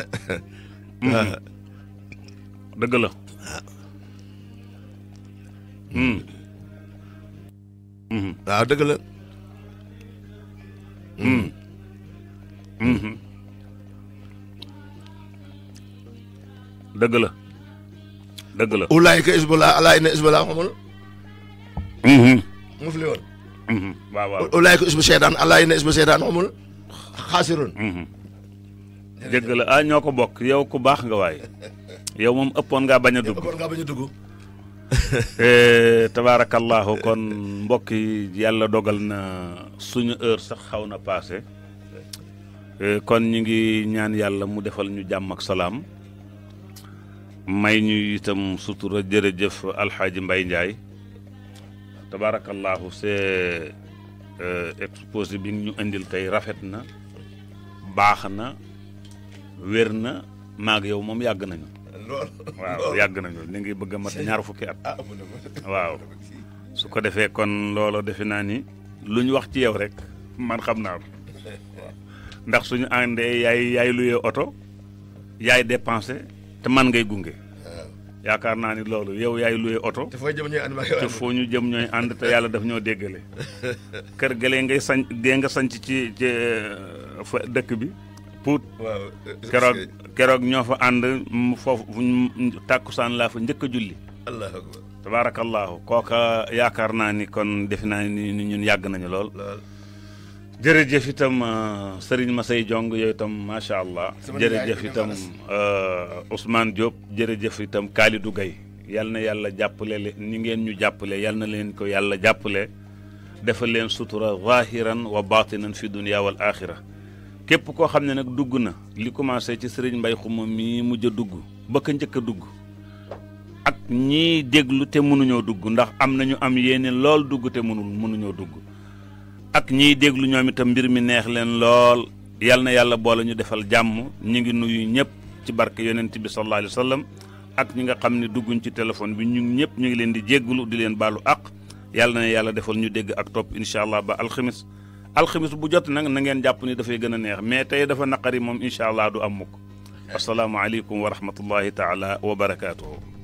Mm. dëgg la. waaw mm. mm. mm-hmm. ah, mm-hmm. dëgg la. dëgg la dëgg isbullah alaa inna isbullah xamul. Mm-hmm. mu fi woon. waaw waaw ulaayka inna isbu xamul xaasirun. dëgg la ah ñoo ko bokk yow ko baax nga waaye yow moom ëppoon ngaa bañ a dugg ëppoon ngaa bañ a dugg. Eh, tabaarakallaahu kon mbokk yi yàlla dogal na suñu heure sax xaw na paase. Eh, kon ñu ngi ñaan yàlla mu defal ñu jàmm ak salaam. may ñu itam sutura jërëjëf Alxaaji Mbay Ndiaye. tabaarakallaahu see eh, exposé bi ñu indil kay rafet na baax na. Werna na yow mom yag nañu waaw yag nañu li ngi bëgg a mat ñaar fukki at ah, waaw su ko defee kon lolo defe naa ni luñ wax ci yow rek man xam naa ko ndax suñu àndee yaay yaay luyee oto yaay dépensé te man ngay gunge ah. yaakaar naa ni loolu yow yaay luye oto te foo jëm ñooy nyu te foo ñu jëm ñooy ànd te yàlla daf ñoo déggale kër gëlee ngay sañ dee nga ci ci euh, dëkk bi Pout. waaw keroog keroog ñoo fa ànd foofu tàkkusaan laa fa njëkk julli. allahu akbar tabaarakallaahu kooka yaakaar naa ni kon defe naa ni ñun yàgg nañu lool. jërëjëf itam euh, Serigne Masay Jong yooyu itam macha allah. jërëjëf itam euh, Ousmane Diop. jërëjëf itam Kalidou Gueye yal na yàlla jàppale le ni ngeen ñu jàppale yal na leen ko yàlla jàppale. defal leen sutura zahiran wa baatinan fi dunya wal axira képp koo xam ne nag dugg na li commencé ci sëriñ mbay xuma mi mujj a dugg ba ka njëkk a dugg ak ñii déglu te mënuñoo dugg ndax am nañu am yéene lool dugg te mënul mënuñoo dugg ak ñiy déglu ñoom itam mbir mi neex leen lool yal na yàlla boole ñu defal jàmm ñi ngi nuyu ñëpp ci barke yonent bi sallallahu alayhi wasallam ak ñi nga xam ne dugguñ ci téléphone bi ñu ñëpp ñu ngi leen di jégglu di leen baalu yàlla na yàlla defal ñu dégg ak topp incha allah ba alxamis alxamis bu jot nag na ngeen jàpp ni dafay gën a neex mais tey dafa naqari moom incha allah du am mukk asalaamaaleykum wa rahmatullahi taala wa barakaatuhu